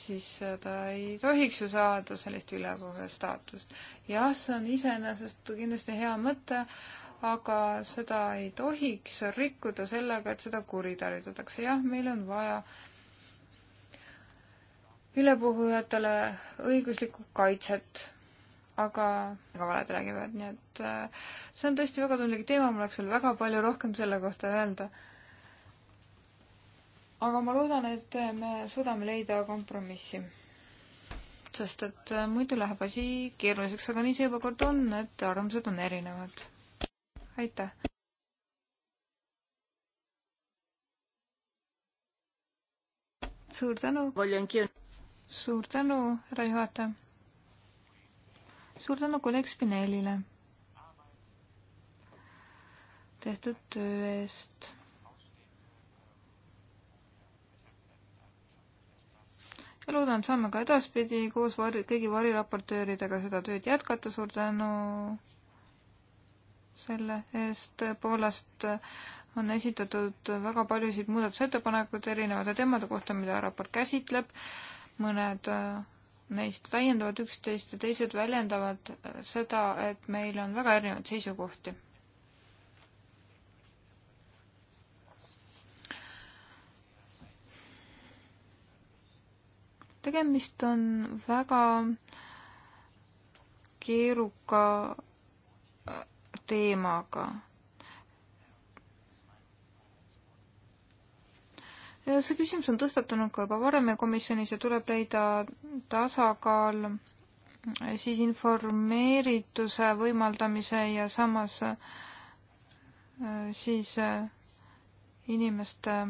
siis äh, ta ei tohiks ju saada sellist vilepuhuja staatust. jah, see on iseenesest kindlasti hea mõte, aga seda ei tohiks rikkuda sellega, et seda kuritarvitatakse. jah, meil on vaja vilepuhujatele õiguslikku kaitset, aga väga valed räägivad, nii et äh, see on tõesti väga tundlik teema, mul oleks veel väga palju rohkem selle kohta öelda aga ma loodan, et me suudame leida kompromissi. sest et äh, muidu läheb asi keeruliseks, aga nii see juba kord on, et arvamused on erinevad. aitäh! suur tänu! suur tänu, härra juhataja! suur tänu kolleeg Spinellile tehtud töö eest ja loodan, et saame ka edaspidi koos vari, kõigi variraportööridega seda tööd jätkata, suur tänu selle eest, tõepoolest on esitatud väga paljusid muudatusettepanekuid erinevate teemade kohta, mida raport käsitleb, mõned neist täiendavad üksteist ja teised väljendavad seda, et meil on väga erinevaid seisukohti tegemist on väga keeruka äh, teemaga. see küsimus on tõstatunud ka juba varem komisjonis ja tuleb leida tasakaal siis informeerituse võimaldamise ja samas äh, siis äh, inimeste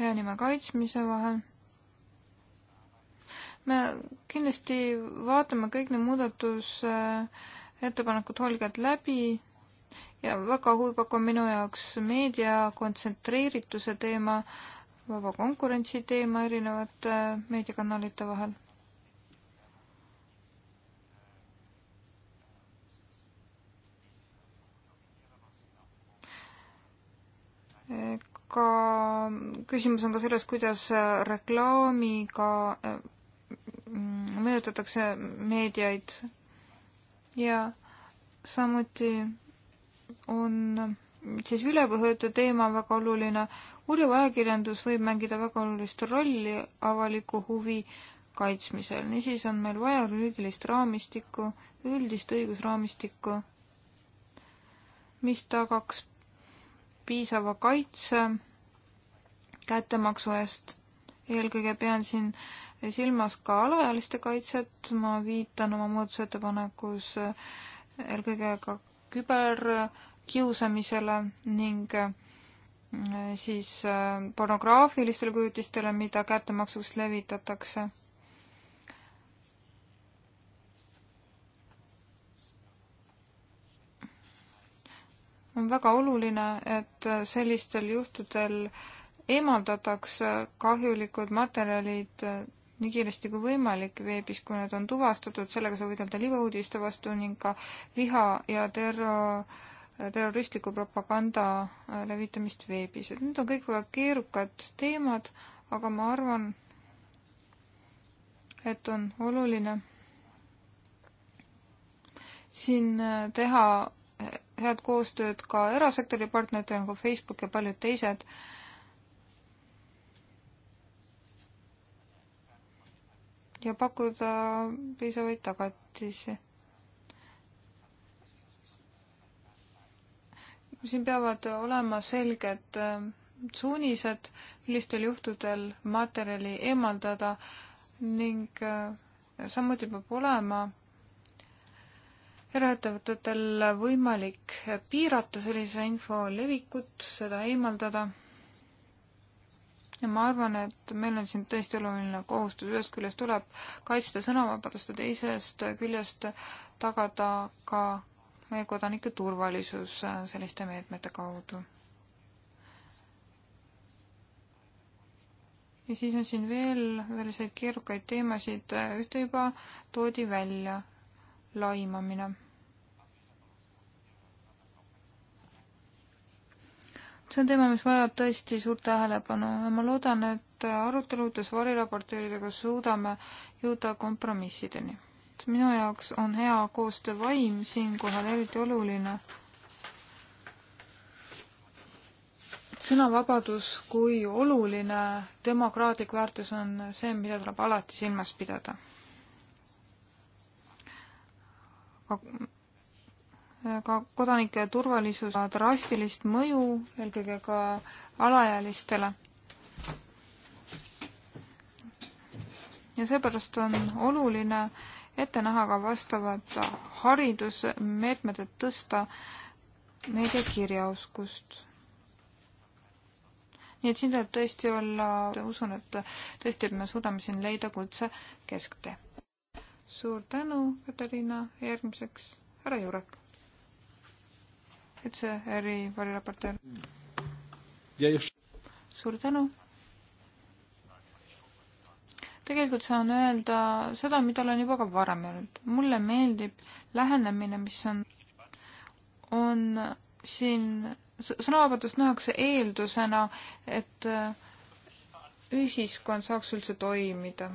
hea nime kaitsmise vahel. me kindlasti vaatame kõik need muudatusettepanekud holgelt läbi ja väga huvipakk on minu jaoks meedia kontsentreerituse teema, vaba konkurentsi teema erinevate meediakanalite vahel ka küsimus on ka selles, kuidas reklaamiga mm, mõjutatakse meediaid ja samuti on siis ülevõhete teema väga oluline. kurjav ajakirjandus võib mängida väga olulist rolli avaliku huvi kaitsmisel, niisiis on meil vaja juriidilist raamistikku, üldist õigusraamistikku, mis tagaks piisava kaitse kättemaksu eest. eelkõige pean siin silmas ka alaealiste kaitset, ma viitan oma muudatusettepanekus eh, eelkõige ka küberkiusamisele ning eh, siis eh, pornograafilistele kujutistele, mida kättemaksust levitatakse on väga oluline, et sellistel juhtudel eemaldataks kahjulikud materjalid nii kiiresti kui võimalik veebis, kui need on tuvastatud, sellega saab võidelda libauudiste vastu ning ka viha ja terro-, terroristliku propaganda levitamist veebis, et need on kõik väga keerukad teemad, aga ma arvan, et on oluline siin teha head koostööd ka erasektori partneritega nagu Facebook ja paljud teised. ja pakkuda piisavaid tagatisi. siin peavad olema selged äh, suunised, millistel juhtudel materjali eemaldada ning äh, samuti peab olema eraettevõtetel võimalik piirata sellise info levikut, seda eemaldada. ja ma arvan, et meil on siin tõesti oluline kohustus, ühest küljest tuleb kaitsta sõnavabadust ja teisest küljest tagada ka meie kodanike turvalisus selliste meetmete kaudu. ja siis on siin veel selliseid keerukaid teemasid, ühte juba toodi välja laimamine. see on teema, mis vajab tõesti suurt tähelepanu ja ma loodan, et aruteludes variraportööridega suudame jõuda kompromissideni. minu jaoks on hea koostöövaim siinkohal eriti oluline. sõnavabadus kui oluline demokraatlik väärtus on see, mida tuleb alati silmas pidada ka kodanike turvalisus drastilist mõju eelkõige ka alaealistele. ja seepärast on oluline ette näha ka vastavad haridusmeetmed, et tõsta meediakirjaoskust. nii et siin tuleb tõesti olla, usun, et tõesti, et me suudame siin leida kuldse kesktee suur tänu, Katariina, järgmiseks härra Jurek. üldse äri variraportöör. suur tänu. tegelikult saan öelda seda, mida olen juba ka varem öelnud. mulle meeldib lähenemine, mis on, on siin, sõnavabadust nähakse eeldusena, et äh, ühiskond saaks üldse toimida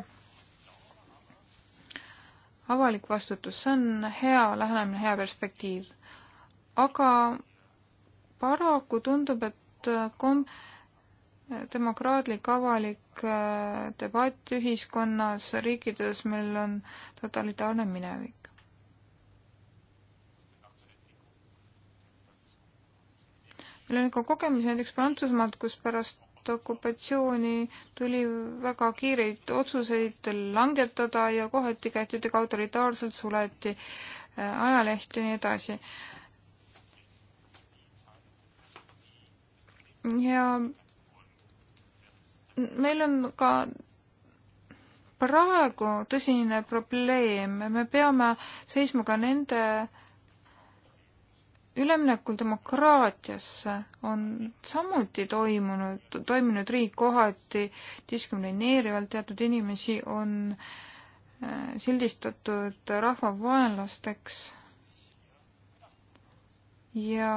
avalik vastutus, see on hea lähenemine, hea perspektiiv. aga paraku tundub, et äh, kom-, demokraatlik avalik äh, debatt ühiskonnas riikides, meil on totalitaarne minevik. meil on ikka kogemusi näiteks Prantsusmaalt, kus pärast pärast okupatsiooni tuli väga kiireid otsuseid langetada ja kohati käituti ka autoritaarselt, suleti äh, ajalehti ja nii edasi. ja meil on ka praegu tõsine probleem, me peame seisma ka nende üleminekul demokraatiasse on samuti toimunud, toiminud riik kohati diskrimineerivalt, teatud inimesi on äh, sildistatud rahvavaenlasteks ja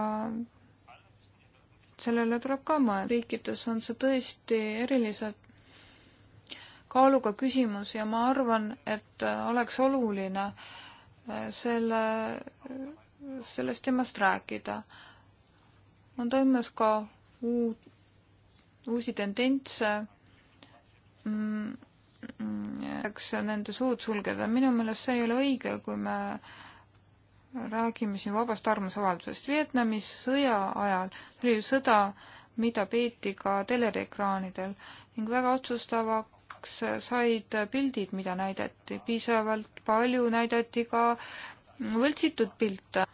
sellele tuleb ka mõelda. riikides on see tõesti eriliselt kaaluga küsimus ja ma arvan, et oleks oluline äh, selle sellest teemast rääkida. on toimumas ka uut, uusi tendentse mm,. eks nende suud sulgeda, minu meelest see ei ole õige, kui me räägime siin vabast arvamusavaldusest. Vietnamis sõja ajal oli ju sõda, mida peeti ka telerekraanidel ning väga otsustava kaks said pildid, mida näidati. piisavalt palju näidati ka võltsitud pilte.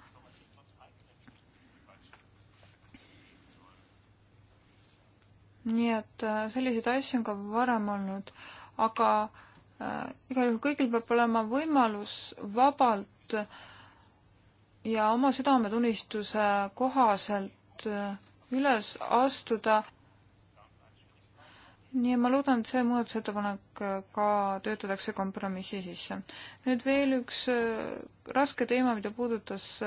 nii et äh, selliseid asju on ka varem olnud, aga äh, igal juhul kõigil peab olema võimalus vabalt ja oma südametunnistuse kohaselt äh, üles astuda. nii, ma loodan, et see muudatusettepanek äh, ka töötatakse kompromissi sisse. nüüd veel üks raske teema, mida puudutas